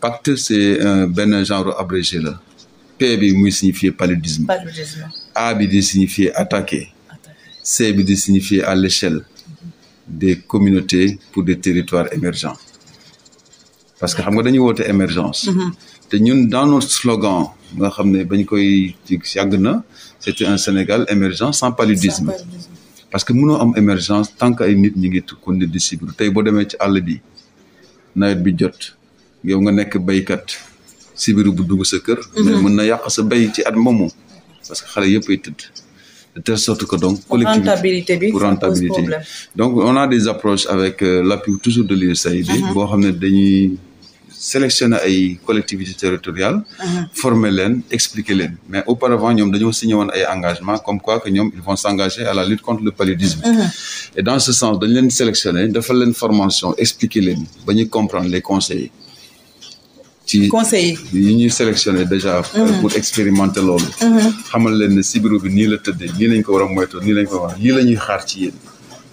pacte c'est un benn genre abrégé la P bi muy signifier paludisme. paludisme. A bi di signifier attaquer. C bi di signifier à l'échelle des communauté pour de territoires émergents parce que xam nga dañuy woote émergence. Mm-hmm. te ñun dans notre slogan nga xam ne bañ koy yàgg na c'était un Sénégal émergent sans paludisme. parce que mënoo am émergence tant que ay nit ñi ngi tukkoon di sibiru tey boo demee ci àll bi nawet bi jot. yow nga nekk béykat sibiru bu dugg sa kër mhm. mais mën na yàq sa bay ci at moomu parce que xale yëpp ay tëdd de telle sorte que donc collectivité rentabilité bi pour rentabilité donc on a des approches avec euh, l'appui toujours de l'USAID mhm. boo xam ne dañu sélectionner ay collectivités territoriales mhm. former leen expliquer leen mais auparavant ñoom dañoo signé woon ay engagements comme quoi que ñoom ils vont s'engager à la lutte contre le paludisme et dans ce sens dañ leen sélectionner defal leen formation expliquer leen ba ñuy comprendre ci conseil yi ñuy sélectionné déjà mhm. pour expérimenter loolu mhm. xamal leen ne sibiru bi nii la tëddee nii lañ ko war a moytoo nii lañ ko war lii la ñuy xaar ci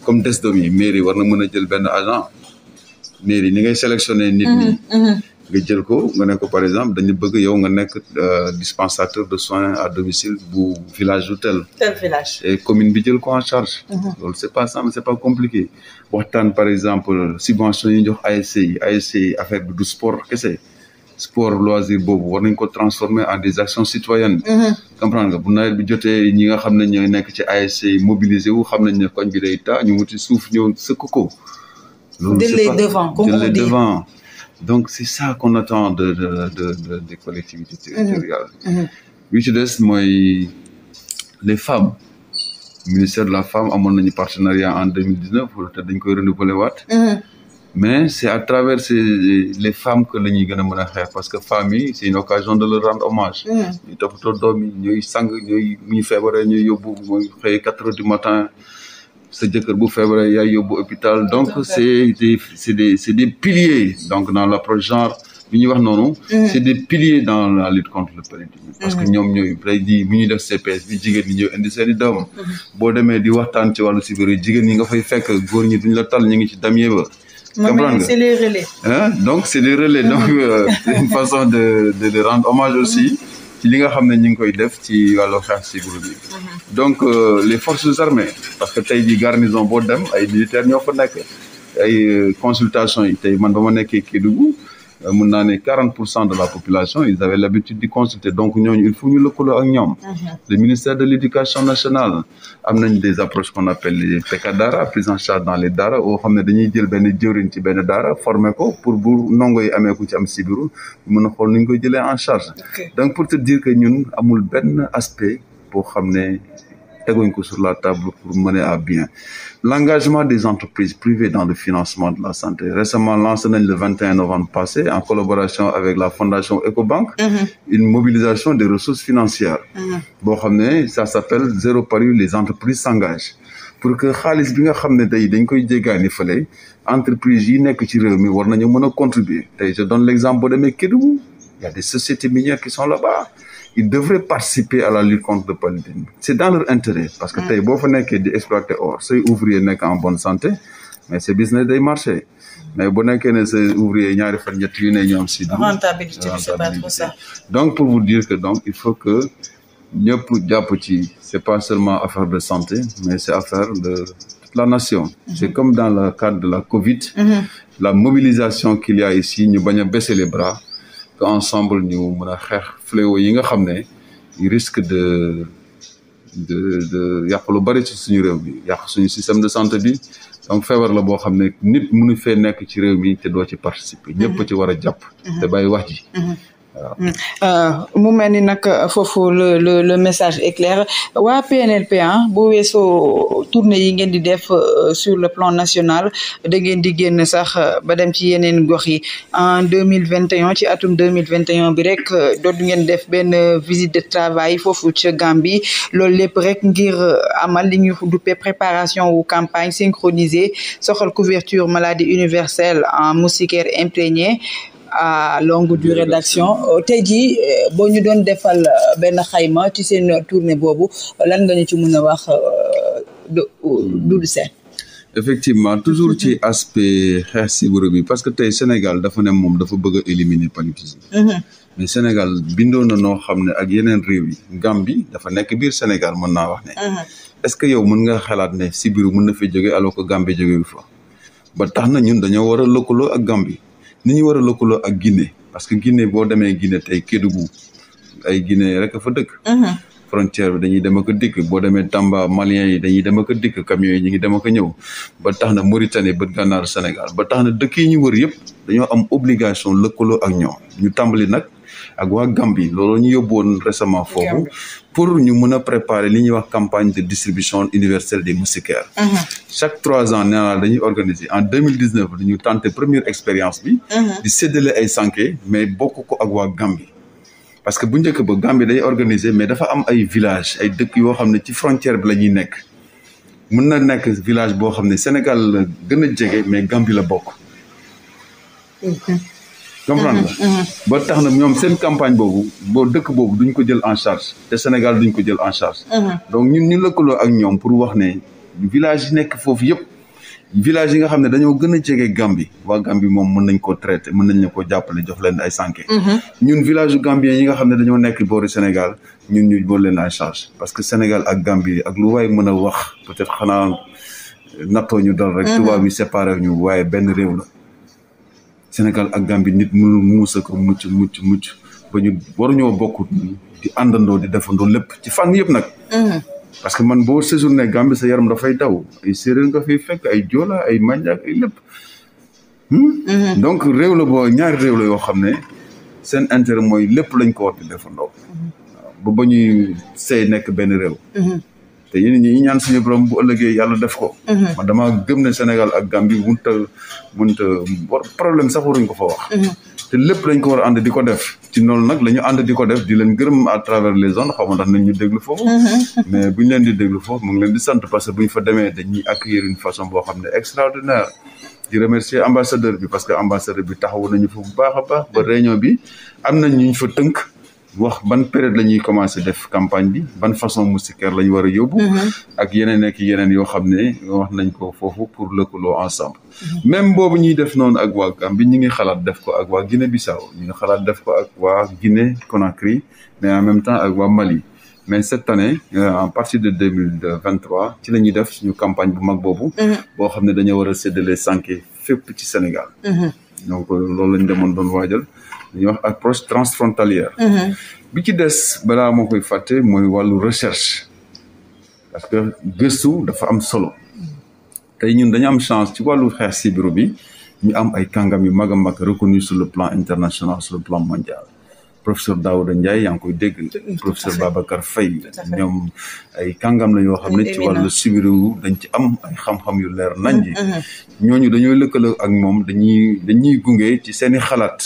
comme des doom yi mairie war na mën a jël benn agent mairie ni ngay sélectionné nit ñi mhm, jël ko nga ne ko par exemple dañu bëgg yow nga nekk euh, dispensateur de soins à domicile bu village ou tel commune bi jël ko en charge loolu c'est pas simple c'est pas compliqué waxtaan par exemple subvention yi jox ASC yi ASC yi affaire bi du sport kese sport loisir boobu war nañ ko transformer en des actions citoyennes comprendre nga bu nawet bi jotee ñi nga xam ne ñooy nekk ci ASC mobilisé wu xam nañ ne koñ bi day taa ñu wuti suuf ñëw sëkk ko jël les devants comme on dit donc c'est ça qu'on attend de de de des collectivités mhm. territoriales mhm. bi ci des mooy les femmes ministère de la femme amoon nañu partenariat en deux mille dix neuf te dañ koy renouveler waat mhm. mais c'est à travers ces les femmes que la ñuy gën a mën a xeex parce que femmes yi c'est une occasion de leur rendre hommage ñu toppatoo doom yi ñooy sang ñooy bu ñu feebaree ñooy yóbbu mooy xëy quatre heures du matin sa jëkkër bu feebaree yaay yóbbu hôpital donc c'est des c'est des c'est des piliers donc dans l'approche genre bi ñuy wax noonu c'est des piliers dans la lutte contre le paludisme parce que ñoom ñooy tey jii mi ñuy def CPS bi jigéen ñi ñooy indi seen i doom boo demee di waxtaan ci wàllu sibéri jigéen ñi nga fay fekk góor ñi duñ la tal ñu ngi ci damier ba comprendre nga c'est les relais. donc c'est de relais donc euh, c'est une façon de de, rendre hommage aussi ci li nga xam ne ñu ngi koy def ci wàllu xeex ci groupe bi. Mhm. donc euh, les forces armées parce que tey jii garnison boo dem ay militaires ñoo fa nekk ay euh, consultations yi tey man ba ma nekkee Kédougou. Euh, mun naa ne quarante pour cent de la population ils avaient l'habitude di consulter donc ñooñu il faut ñu lëkkaloo ak ñoom mhm. le ministère de l'éducation nationale am nañ des approches qu'on appelle les PECADARA prise en charge dans les daara oo xam ne dañuy jël benn jëwriñ ci benn dara former ko pour bu ndongo yi amee ku ci am sibiru mun a xool nu nga koy jëlee en charge donc pour te dire que ñun amul benn aspect boo xam ne teguñ ko sur la table pour mener à bien l'engagement des entreprises privées dans le financement de la santé récemment lancé nañ le 21 novembre passé en collaboration avec la fondation Ecobank mm une mobilisation des ressources financières mhm. boo xam ne ça s'appelle zéro pari les entreprises s'engagent pour que xaalis bi nga xam ne tey dañ koy jéggaani fële entreprise yi nekk ci réew mi war nañu mën a contribuer tey je donne l'exemple boo demee Kédougou il y a des sociétés minières qui sont là-bas ils devraient participer à la lutte contre le paludisme c'est dans leur intérêt parce que mm. tey boo fa nekkee di exploiter or say ouvrier nekk en bonne santé mais sa business day marché mais bu nekkee ne sa ouvrier ñaari fan ñett yu ne ñoom si rentabilité
c'est
donc pour vous dire que donc il faut que ñëpp jàpp ci c'est pas seulement affaire de santé mais c'est affaire de la nation mm-hmm. c'est comme dans le cadre de la Covid mm-hmm. la mobilisation qu'il y a ici ñu bañ a baisser les bras que ensemble ñu mën a xeex fléau yi nga xam ne risque de de yàq lu bari ci suñu réew mi yàq suñu système de santé bi donc feebar la boo xam ne nit munu fee nekk ci réew mi te doo ci participer. ñëpp ci war a jàpp. Mhm. te bàyyi wax ji. Mhm.
Mm. Euh, mu mel ni nag euh, foofu le le le message est clair waa PNLP bo ah, bu weesoo tournée yi ngeen di def euh, sur le plan national da ngeen di génn sax ba dem ci yeneen gox yi en deux mille vingt ci atum deux mille vingt et un bi rek dootu ngeen def benn visite de travail foofu ca Gambie loolu lépp rek ngir amal li ñuy duppee préparation wu campagne synchronisée soxal couverture maladie universelle en moustiquaire imprégnée. a longue durée d'action euh, tey jii euh, boo ñu doon defal euh, benn xayma ci seen tournée boobu lan nga ñu ci mën a wax Doudou hmm. Sène
effectivement toujours ci hmm. aspect xeex si bureau bi parce que tey Sénégal dafa ne moom dafa bëgg a éliminer hmm. mais Sénégal bindoon na noo xam ne ak yeneen réew yi Gambie dafa nekk biir Sénégal mën naa wax ne est-ce que yow mën nga xalaat ne si biir mën na fi jóge alors que Gambie jógewu fa ba tax na ñun dañoo war a lëkkaloo ak Gambie ni ñu war a lëkkaloo ak Guinée parce que Guinée boo demee Guinée tey Kédougou ay Guinée rek a fa dëkk. Mhm. frontière bi dañuy dem ak dikk boo demee Tamba Maliens yi dañuy dem ak dikk camions yi ñu ngi dem ak ñëw ba tax na Mauritanie bët gànnaaru Sénégal ba tax na dëkk yi ñu wër yëpp dañoo am obligation lëkkaloo ak ñoom ñu tàmbali nag. ak waa Gambie loolu ñu yóbboon récemment foofu pour ñu mën a préparer li ñuy wax campagne de distribution universelle des moustiquaires mhm. chaque trois ans nee naa dañuy organiser en deux mille dix neuf ñu tenté première expérience bi mhm. di séddale ay sànke mais bokk ko ak waa gambi parce que bu njëkk ba Gambie day organiser mais dafa am ay village ay dëkk yoo xam ne ci frontière bi la ñuy nekk mën na nekk village boo xam ne Sénégal gën a jege mais Gambie la bokk mhm. comprendre nga. Mhm, mhm. ba tax na ñoom seen campagne boobu boo dëkk boobu duñ ko jël en charge te Sénégal duñ ko jël en charge. Mhm. donc ñun ñu lëkkaloo ak ñoom pour wax ne village yi nekk foofu yëpp. village yi nga xam ne dañoo gën a jege Gambie waa Gambie moom mën nañ koo traité mën nañ la koo jàppale jox leen ay sànke ñun village yu Gambien yi nga xam ne dañoo nekk boori Sénégal ñun ñu boole leen ay charge parce que Sénégal ak Gambie ak lu waay mën a wax peut-être xanaa nattoo ñu dal rek tubaab yi séparé ñu waaye benn réew la Sénégal ak Gambie nit mënul muusa ko mucc mucc mucc ba ñu waruñoo bokk di àndandoo di defandoo lépp ci fànn yëpp nag. Mm-hmm. parce que man boo séjourné Gambie sa yaram dafay daw ay séeréer nga fay fekk ay joola ay manjaak ay lépp. Hmm? Mm-hmm. donc réew la boo ñaari réew la yoo xam ne seen intérêt mooy lépp lañ ko war di defandoo. Mm-hmm. ba ba ñuy nekk benn réew. te yéen ñi ñaan suñu borom bu ëllëgee yàlla def ko. Mhm. man dama gëm ne Sénégal ak Gambie mënut a mënut a problème sax waruñ ko fa wax. Mhm. te lépp lañ ko war a ànd di ko def ci noonu nag la ñu ànd di ko def di leen gërëm à travers les ondes xaw ma ndax nañ ñu déglu foofu. Mhm. mais bu ñu leen di déglu foofu mu ngi leen di sant parce que bu ñu fa demee dañuy accueillir une façon boo xam ne extraordinaire. di remercier ambassadeur bi parce que ambassadeur bi taxawu nañu fa bu baax a baax ba réunion bi am nañ ñu fa tënk. wax ban période la ñuy commencé def campagne bi ban façon moustiquaire la ñu war a yóbbu. Mhm. ak yeneen ak yeneen yoo xam ne wax nañ ko foofu pour lëkkaloo ensemble. Mhm. même boobu ñuy def noonu ak waa Gambie ñu ngi xalaat def ko ak waa Guinée Bissau ñu xalaat def ko ak waa gine Conakry mais en même temps ak waa Mali. mais cette année euh, en partir de deux mille vingt trois ci la ñuy def suñu campagne bu mag boobu. Mhm. boo xam ne dañoo war a séddale sànke fépp ci Sénégal. donc euh, loolu lañ demoon doon waajal. li ñuy wax approche transfrontalière mhm. bi ci des balaa moo koy fàtte mooy wàllu recherche parce que gëstu dafa am solo tey ñun dañu am chance ci wàllu xeex si bi ñu am ay kàngam yu mag a mag reconnu sur le plan international sur le plan mondial professeur Daouda Ndiaye yaa ngi koy dégg professeur Babacar Faye ñoom ay kàngam la yoo xam ne ci wàllu sibiru dañ ci am ay xam-xam yu leer nañ mhm, mhm. ñooñu dañooy lëkkaloo ak moom dañuy dañuy gunge ci seeni xalaat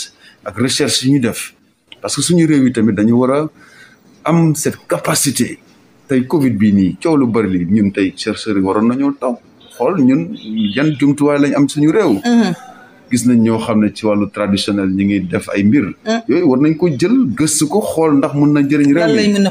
ak recherche yi ñu def parce que suñu réew yi tamit dañu war a am cette capacité tey Covid bii nii coow lu bëri li ñun tey chercheurs yi waroon nañoo taw xool ñun yan jumtuwaay lañ am suñu réew. Mhm. gis nañ ñoo xam ne ci wàllu traditionnel ñu ngi def ay mbir. Mhm. yooyu war nañ ko jël gëstu ko xool ndax mun na jëriñ. réew mi lañ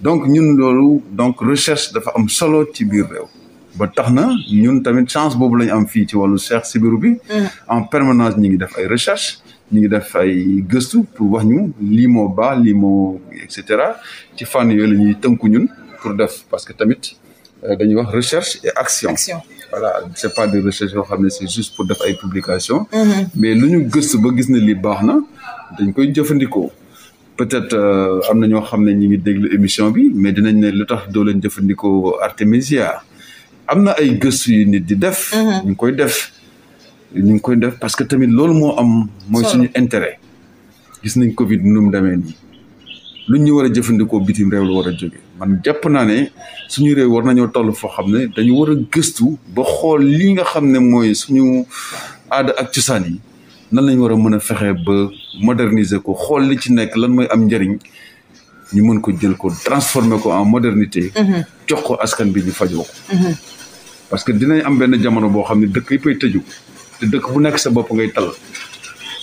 donc ñun loolu donc recherche dafa am solo ci biir réew. ba tax na ñun tamit chance boobu lañ am fii ci wàllu Cheikh Sibiru bi. Mhm. en permanence ñu ngi def ay recherche. ñu ngi def ay gëstu pour wax ñu lii moo baax lii moo cetera ci fànn yooyu la ñuy tënku ñun pour def parce que tamit euh, dañuy wax recherche et action. action. voilà c'est pas des recherches yoo xam ne c'est juste pour def ay publications. Mm-hmm. mais lu ñu gëstu ba gis ne lii baax na dañ koy jëfandikoo. peut-être euh, am na ñoo xam ne ñu ngi déglu émission bi mais dinañ ne lu tax doole leen jëfandikoo artémisia am na ay gëstu yu nit di def. Mm-hmm. ñu koy def. ñu ngi koy def parce que tamit loolu moo am. mooy suñu intérêt. gis nañ Covid nu mu demee nii lu ñu war a jëfandikoo bitim réew la war a jóge man jàpp naa ne suñu réew war nañoo toll foo xam ne dañu war a gëstu ba xool li nga xam ne mooy suñu aada ak cosaan yi nan lañ war a mën a fexe ba moderniser ko xool li ci nekk lan mooy am njëriñ ñu mën ko jël ko transformer ko en modernité. Mhm. jox ko askan bi ñu fajoo mhm. parce que dinañ am benn jamono boo xam ne dëkk yi koy tëju. dëkk bu nekk sa bopp ngay tal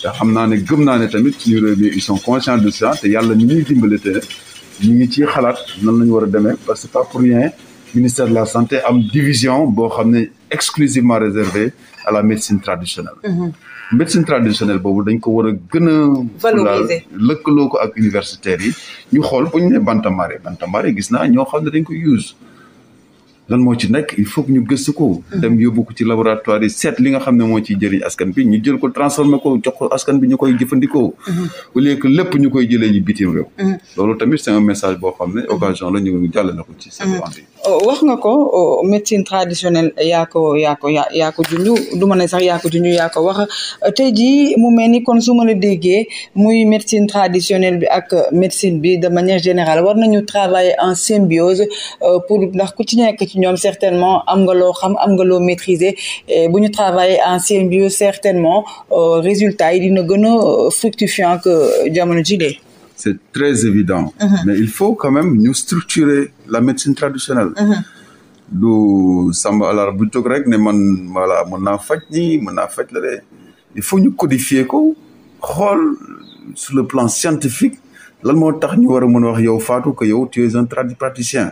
te xam naa ne gëm naa ne tamit suñu réew mi ils sont de ça yàlla ni ñuy dimbale te ñu ngi ciy xalaat nan la ñu war a demee parce que pas pour rien ministère de la santé am division boo xam ne exclusivement réservée à la médecine traditionnelle. Mhm. médecine traditionnelle boobu dañ ko war a gën a. valoriser lëkkaloo ko ak universitaires yi ñu xool bu ñu nee Bantambare Bantambare gis naa ñoo xam ne dañ ko use. lan moo ci nekk il faut que ñu gëstu ko. dem yóbbu ko ci laboratoire yi seet li nga xam ne moo ciy jëriñ askan bi ñu jël ko transformé ko jox ko askan bi ñu koy jëfandikoo. au que lépp ñu koy jëlee ñu bitim réew. loolu tamit c'est un message boo xam ne occasion la ñu jàll na ko ci
seen euh, wax nga ko euh, médecine traditionnelle yaako ko yaa yaako yaa yaa du ma sax yaa ko junj yaa wax euh, tey jii mu mel ni kon su ma la déggee muy médecine traditionnelle bi ak médecine bi de manière général war nañu travailler en symbiose pour ndax ku ci nekk. ñoom certainement am nga loo xam am nga loo e bu ñu travailler en symbiose certainement euh, résultat yi dina gën a euh, fructifiant que jamono ji de. c'est
très évident. Mm -hmm. mais il faut quand même ñu structurer la médecine traditionnelle. Mm -hmm. du samba alar bu jóg rek ne man voilà mën naa faj nii mën naa faj il faut ñu codifier ko xool sur le plan scientifique lan moo tax ñu war a mën a wax yow Fatou ko yow tu es un tradipraticien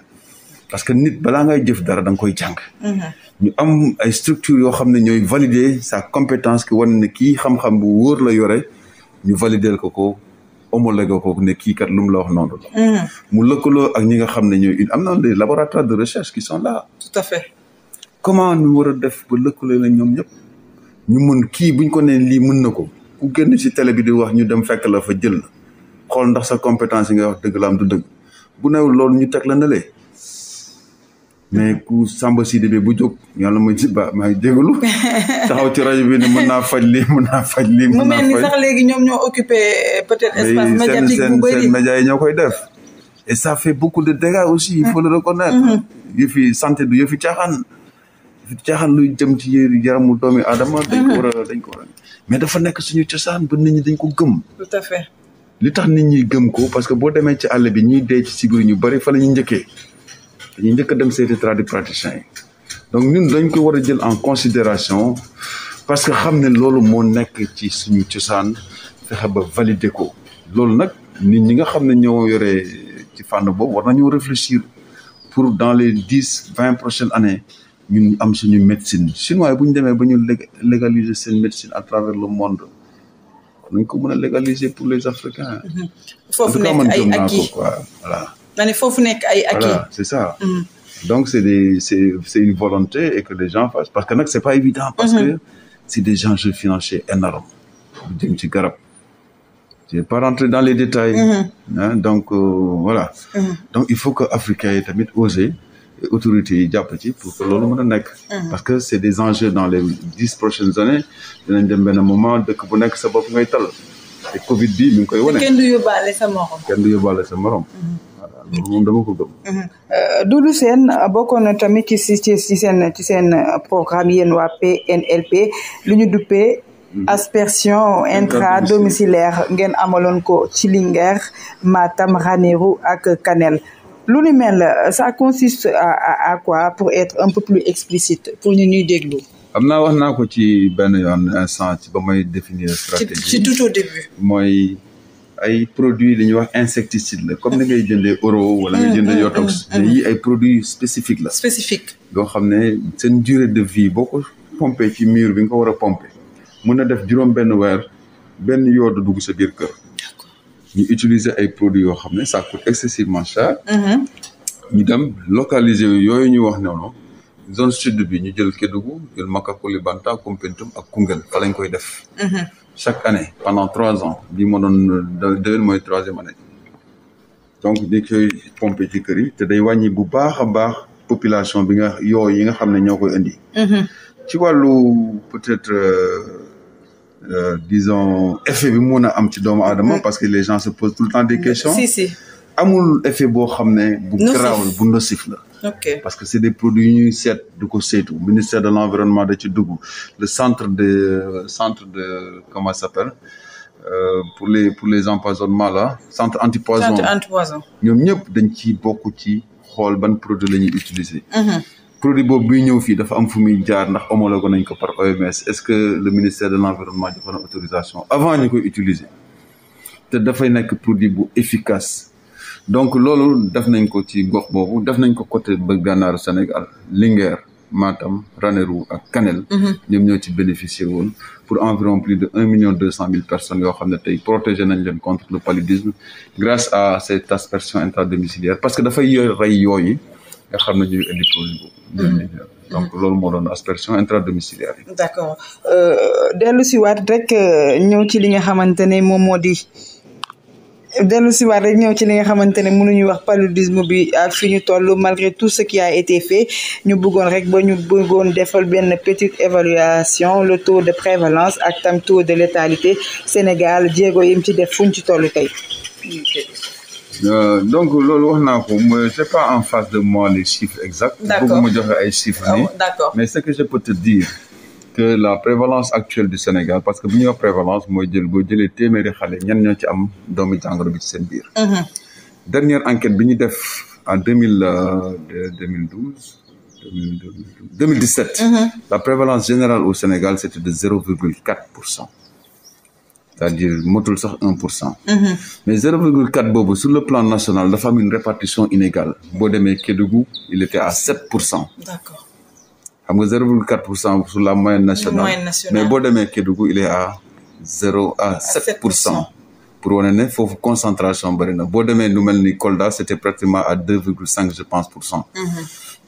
parce que nit balaa ngay jëf dara danga koy jàng. Mhm. ñu am ay structure yoo xam ne ñooy valider sa compétence ki wan ne kii xam bu wóor la yore ñu valider ko ko homologué ko ne kii kat lu la wax noonu mhm. mu lëkkaloo ak ñi nga xam ne ñooy am na des laboratoires de recherche qui sont là. tout à fait. war a def ba lëkkaloo la ñoom ñëpp ñu mën kii buñ ko nee lii mën na ko ku génn ci télé bi di wax ñu dem fekk la fa jël xool ndax sa compétence yi nga wax dëgg la am du dëgg bu newul loolu ñu teg la ne lee mais ku Samba Sidibé bu jóg yàlla ma ci ba maa ngi jégalu taxaw ci rajo bi ne mën naa faj lii mën naa faj lii. mën naa faj mu mel ni sax
léegi ñoom ñoo occupé eh, peut-être seen seen yi
ñoo koy def. et ça fait beaucoup de dégâts aussi il faut le reconnaître. Mm-hmm. yëfi santé du yëfi caaxaan. lu caaxaan luy jëm ci yaramu doomi aadama. dañ ko war mm-hmm. dañ ko war mais dafa nekk suñu cosaan ba nit ñi dañ ko gëm. tout li tax nit ñi gëm ko parce que boo demee ci àll bi ñuy dee ci ñu bari fa la ñuy njëkkee. ñu njëkk a dem seeti tradipraticiens yi donc ñun dañ ko war a jël en considération parce que xam ne loolu moo nekk ci suñu cosaan fexe ba valider ko loolu nag nit ñi nga xam ne ñoo yore ci fànn boobu war nañoo réfléchir pour dans les dix vingt prochaines années ñun am suñu médecine chinois yi bu ñu demee ba ñu légaliser seen médecine à travers le monde nañ ko mën a légaliser pour les africains foofu nekk ay acquis en tout cas man jëm naa ko quoi voilà
dañu foofu nekk ay acquis. voilà c'est ça. Mm.
donc c'est des c'est c'est une volonté et que les gens fassent parce que nag c'est pas évident. parce mm-hmm. que c'est des enjeux financiers énormes. jëm ci garab. je vais pas rentrer dans les détails. Mm-hmm. donc euh, voilà. Mm-hmm. il faut que africains yi tamit oser. autorités yi jàpp ci pour que loolu mën a nekk parce que c'est des enjeux dans les dix prochaines années dinañ dem benn moment dëkk bu nekk sa bopp ngay tal te Covid bi mi ngi koy wane kenn
du yóbbaale sa morom
du yóbbaale sa morom loolu moom dama ko gëm.
Euh, Doudou Sène euh, bokkoon na tamit ci ci ci seen ci seen euh, programme yéen waa PNLP lu ñu duppee. Mhm. aspersion intra domiciliaire ngeen amaloon ko ci Linguère Matam Ranérou ak Kanel lu ni mel ça consiste à à pour être un peu plus explicite pour ñu ñuy déglu.
am na wax naa ko ci benn yoon instant ba may définir stratégie. mooy. ay produits li ñuy wax insecticide la comme ni ngay jëndee euro wala nga jëndee mm, mm, yotox mm, mais yi ay produits spécifiques la spécifique yoo xam ne seen durée de vie boo ko pompé ci mur bi nga ko war a pompé mun na def juróom benn weer benn yoodu dugg sa biir kër ñu utiliser ay produits yoo xam ne ça coûte excessivement cher mm-hmm. ñu dem localiser yooyu ñu wax noonu zone sud bi ñu jël Kédougou jël Makacoulibantang Koumpentoum ak Koungheul fa lañ koy def. Mhm. chaque année pendant trois ans bii moo doon déwén mooy troisième année. donc dañ koy ci kër yi te day wàññi bu baax a baax population bi nga yoo yi nga xam ne ñoo koy indi. Mhm. ci wàllu peut-être. Euh, euh, disons effet bi mun a am ci doomu aadama parce que les gens se des questions. si si amul effet boo xam ne. bu garaawul bu nocif la. ok parce que c' est des produits yu seet du ko saytu ministère de l' environnement da ci dugg le centre de euh, centre de comment ça s' appelle euh, pour les pour la empoisonnements là centre antipoison centre antipoison. ñoom ñëpp dañ ci bokk ci xool ban produit la utiliser. Mhm. produit boobu buy ñëw fii dafa am fu muy jaar ndax homologué nañ ko par OMS est-ce que le ministère de l'environnement joxe na autorisation avant ñu koy utiliser te dafay nekk produit bu efficace. donc loolu def nañ ko ci gox boobu def nañ ko côté ba gànnaaru Sénégal Linguère Matam Ranérou ak Kanel mhm. ñoom ñoo ci bénéficier woon pour environ plus de un million deux cent mille personnes yoo xam ne tey protégé nañ leen contre le paludisme grâce à cette aspersion intradomiciliaire parce que dafay yo nga xam ne ñuy indi mhm. donc mhm. loolu moo doon aspersion intradomiciliaire
yi. d'accord euh, dellu si waat rek euh, ñëw ci li nga xamante ne moom moo di. dellu si waat rek ñëw ci li nga xamante ne mënuñu wax paludisme bi ak fi ñu toll malgré tout ce qui a été fait ñu bëggoon rek ba ñu bëggoon defal benn petite évaluation le taux de prévalence ak tam taux de létalité Sénégal jéego yim ci def fuñ ci toll tey.
Euh, donc loolu wax naa ko c'est pas en face de moi les chiffres exacts. d'accord bëgguma joxe ay ah ce que je peux te dire. que la prévalence actuelle du Sénégal parce que bu ñuy wax prévalence mooy jël boo jëlee téeméeri xale ñan ñoo ci am doomu jàngoro bi ci seen biir. Mhm. dernière enquête bi ñu def en deux mille euh, deux mille douze deux mille dix sept. Mhm. la prévalence générale au Sénégal c' était de zéro virgule quatre pour cent. c'est-à-dire motul sax un pour cent mhm. mais zéro virgule boobu sur le plan national dafa am une répartition inégale boo demee Kédougou il était à sept pour cent am nga zero virgule quatre pour cent sur la moyenne nationale mais boo demee Kédougou il est à zéro à sept pour cent pour wane ne foofu concentration bëri na boo demee nu mel ni Kolda c' était pratiquement à deux virgule cinq je pense pour cent mhm.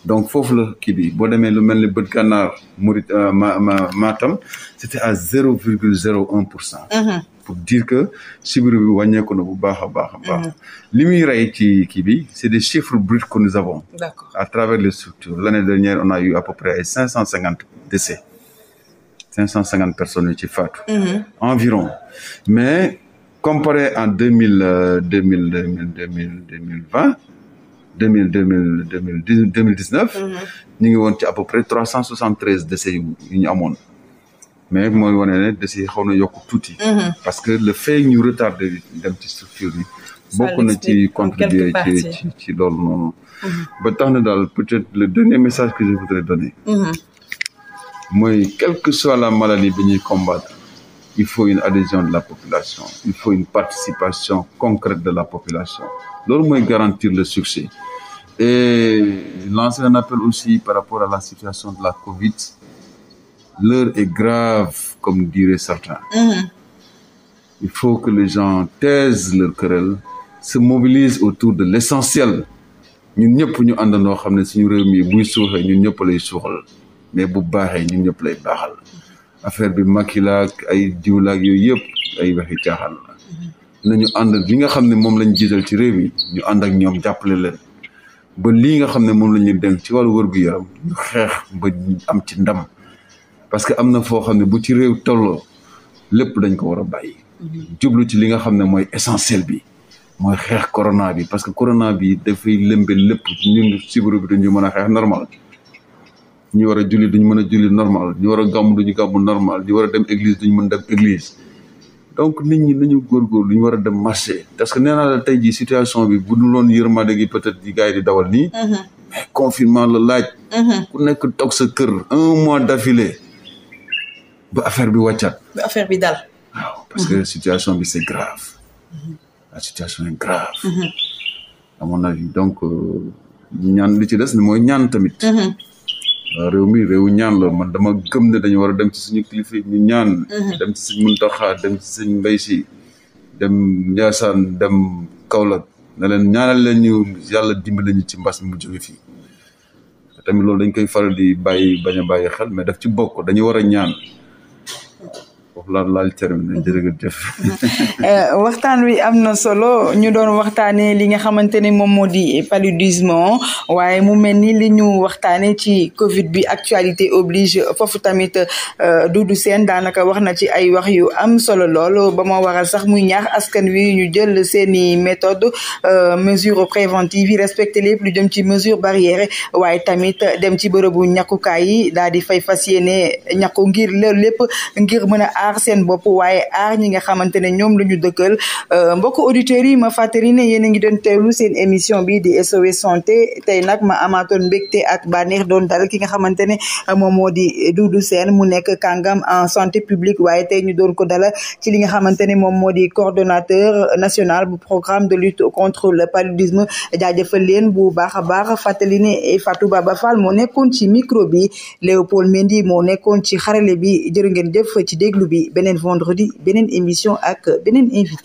donc foofu la kii bi boo demee lu mel ni bët gànnaar Murit euh, ma ma Matam c'était à zéro virgule zéro un pour cent mhm. pour dire que sibiru bi wàññeeku na bu baax a baax a baax mhm. li muy rey ci kii bi c'est des chiffres bruts que nous avons d'accord à travers les structures l'année dernière on a eu à peu cinq cent cinquante décès cinq cent cinquante personnes yu ci faatu mhm. environ mais comparé en deux mille euh, deux mille deux mille deux mille deux mille vingt deux mille deux mille deux mille dix deux mille mhm. ñu ngi woon ci à peu près trois cent soixante treize décès yu ñu amoon. mais mooy wane ne décès yi xaw na yokk tuuti. Mhm. parce que le fait ñu retardé dem ci structure yi. bokk na ci contribuer ci ci ci loolu mhm. ba tax na daal peut-être le dernier message que je voudrais donner. mooy quelque que soit la maladie bi ñuy combattre. il faut une adhésion de la population il faut une participation concrète de la population loolu mooy garantir le succès et lancer un appel aussi par rapport à la situation de la Covid l'heure est grave comme diraient certains mm-hmm. il faut que les gens taisent leur querelle se mobilisent autour de l'essentiel ñun ñëpp ñu àndandoo xam ne suñu réew mi buy suuxee ñun ñëpp lay suuxal mais bu baaxee ñun ñëpp lay baaxal affaire bi Macky la ak ay diw yooyu yëpp ay waxi caaxaan la nañu ànd li nga xam ne moom lañ jiital ci réew yi ñu ànd ak ñoom jàppale leen ba lii nga xam ne moom la ñu dénk ci wàllu wër-gu-yaram ñu xeex ba am ci ndam parce que am na foo xam ne bu ci réew tolloo lépp dañ ko war a bàyyi jublu ci li nga xam ne mooy essentiel bi mooy xeex corona bi parce que corona bi dafay lëmbe lépp ñun sibiru bi duñu mën a xeex normal ñu war a julli duñ mën a juli normal ñu war a gàmm duñu gàmm normal ñu war a dem église duñ mën dem église donc nit ñi nañu góorgóor lu ñu war a dem marché parce que ne naa la tey jii situation bi bu duloon loon gi peut-être yi gars yi di dawal nii mm-hmm. mais confinement la laaj mm-hmm. ku nekk toog sa kër un mois d'affilée ba affaire bi wàccaat ba affaire bi dal parce que mm-hmm. situation bi c'est grave la situation est grave à mon avis donc euh, ñaan li ci des mooy ñaan tamit Euh, réew mi réewu ñaan la man dama gëm ne dañu war a dem ci suñu kilifa ñu ñaan. Mhm. dem ci suñu Muntaxa dem ci suñu Mbay Si dem Njaasaan dem Kaolack neleen leen ñaanal leen ñu yàlla dimbali ñu ci mbas mi mu jóge fii. tamit loolu dañ koy faral di bàyyi bañ a bàyyi xel mais daf ci bokk dañu war a ñaan. foofu
laa laal terminé jërëjëf. Eh, waxtaan wi am na solo ñu doon waxtaanee li nga xamante ne moom moo di paludisme waaye mu mel ni li ñu waxtaanee ci Covid bi actualité oblige foofu tamit euh, dudu Sène daanaka wax na ci ay wax yu am solo lool ba ma waral sax muy ñaax askan wi ñu jël seeni méthode euh, mesures préventives yi respecté lépp lu jëm ci mesure barrière waaye tamit dem ci bërëbu ñàkkukaay yi daal di fay fas yéene ñàkku ngir lépp ngir mën a aar seen bopp waaye aar ñi nga xamante ne ñoom la ñu dëkkal euh, mbokk auditeurs yi ma fàttali ne yéen a ngi doon teewlu seen émission bi di SOS santé tey nag ma amaatoon mbégte ak bànneex doon dal ki nga xamante ne moom moo di du Sène mu nekk kàngam en santé publique waaye tey ñu doon ko dala ci li nga xamante ne moom moo di coordonnateur national bu programme de lutte contre le paludisme jaajëfal leen bu baax a baax fàttali ne Fatou Baba Fall moo nekkoon ci micro bi Léopold Mendy moo nekkoon ci xarale bi jërë jëf ci déglu bi beneen vendredi beneen émission ak beneen invité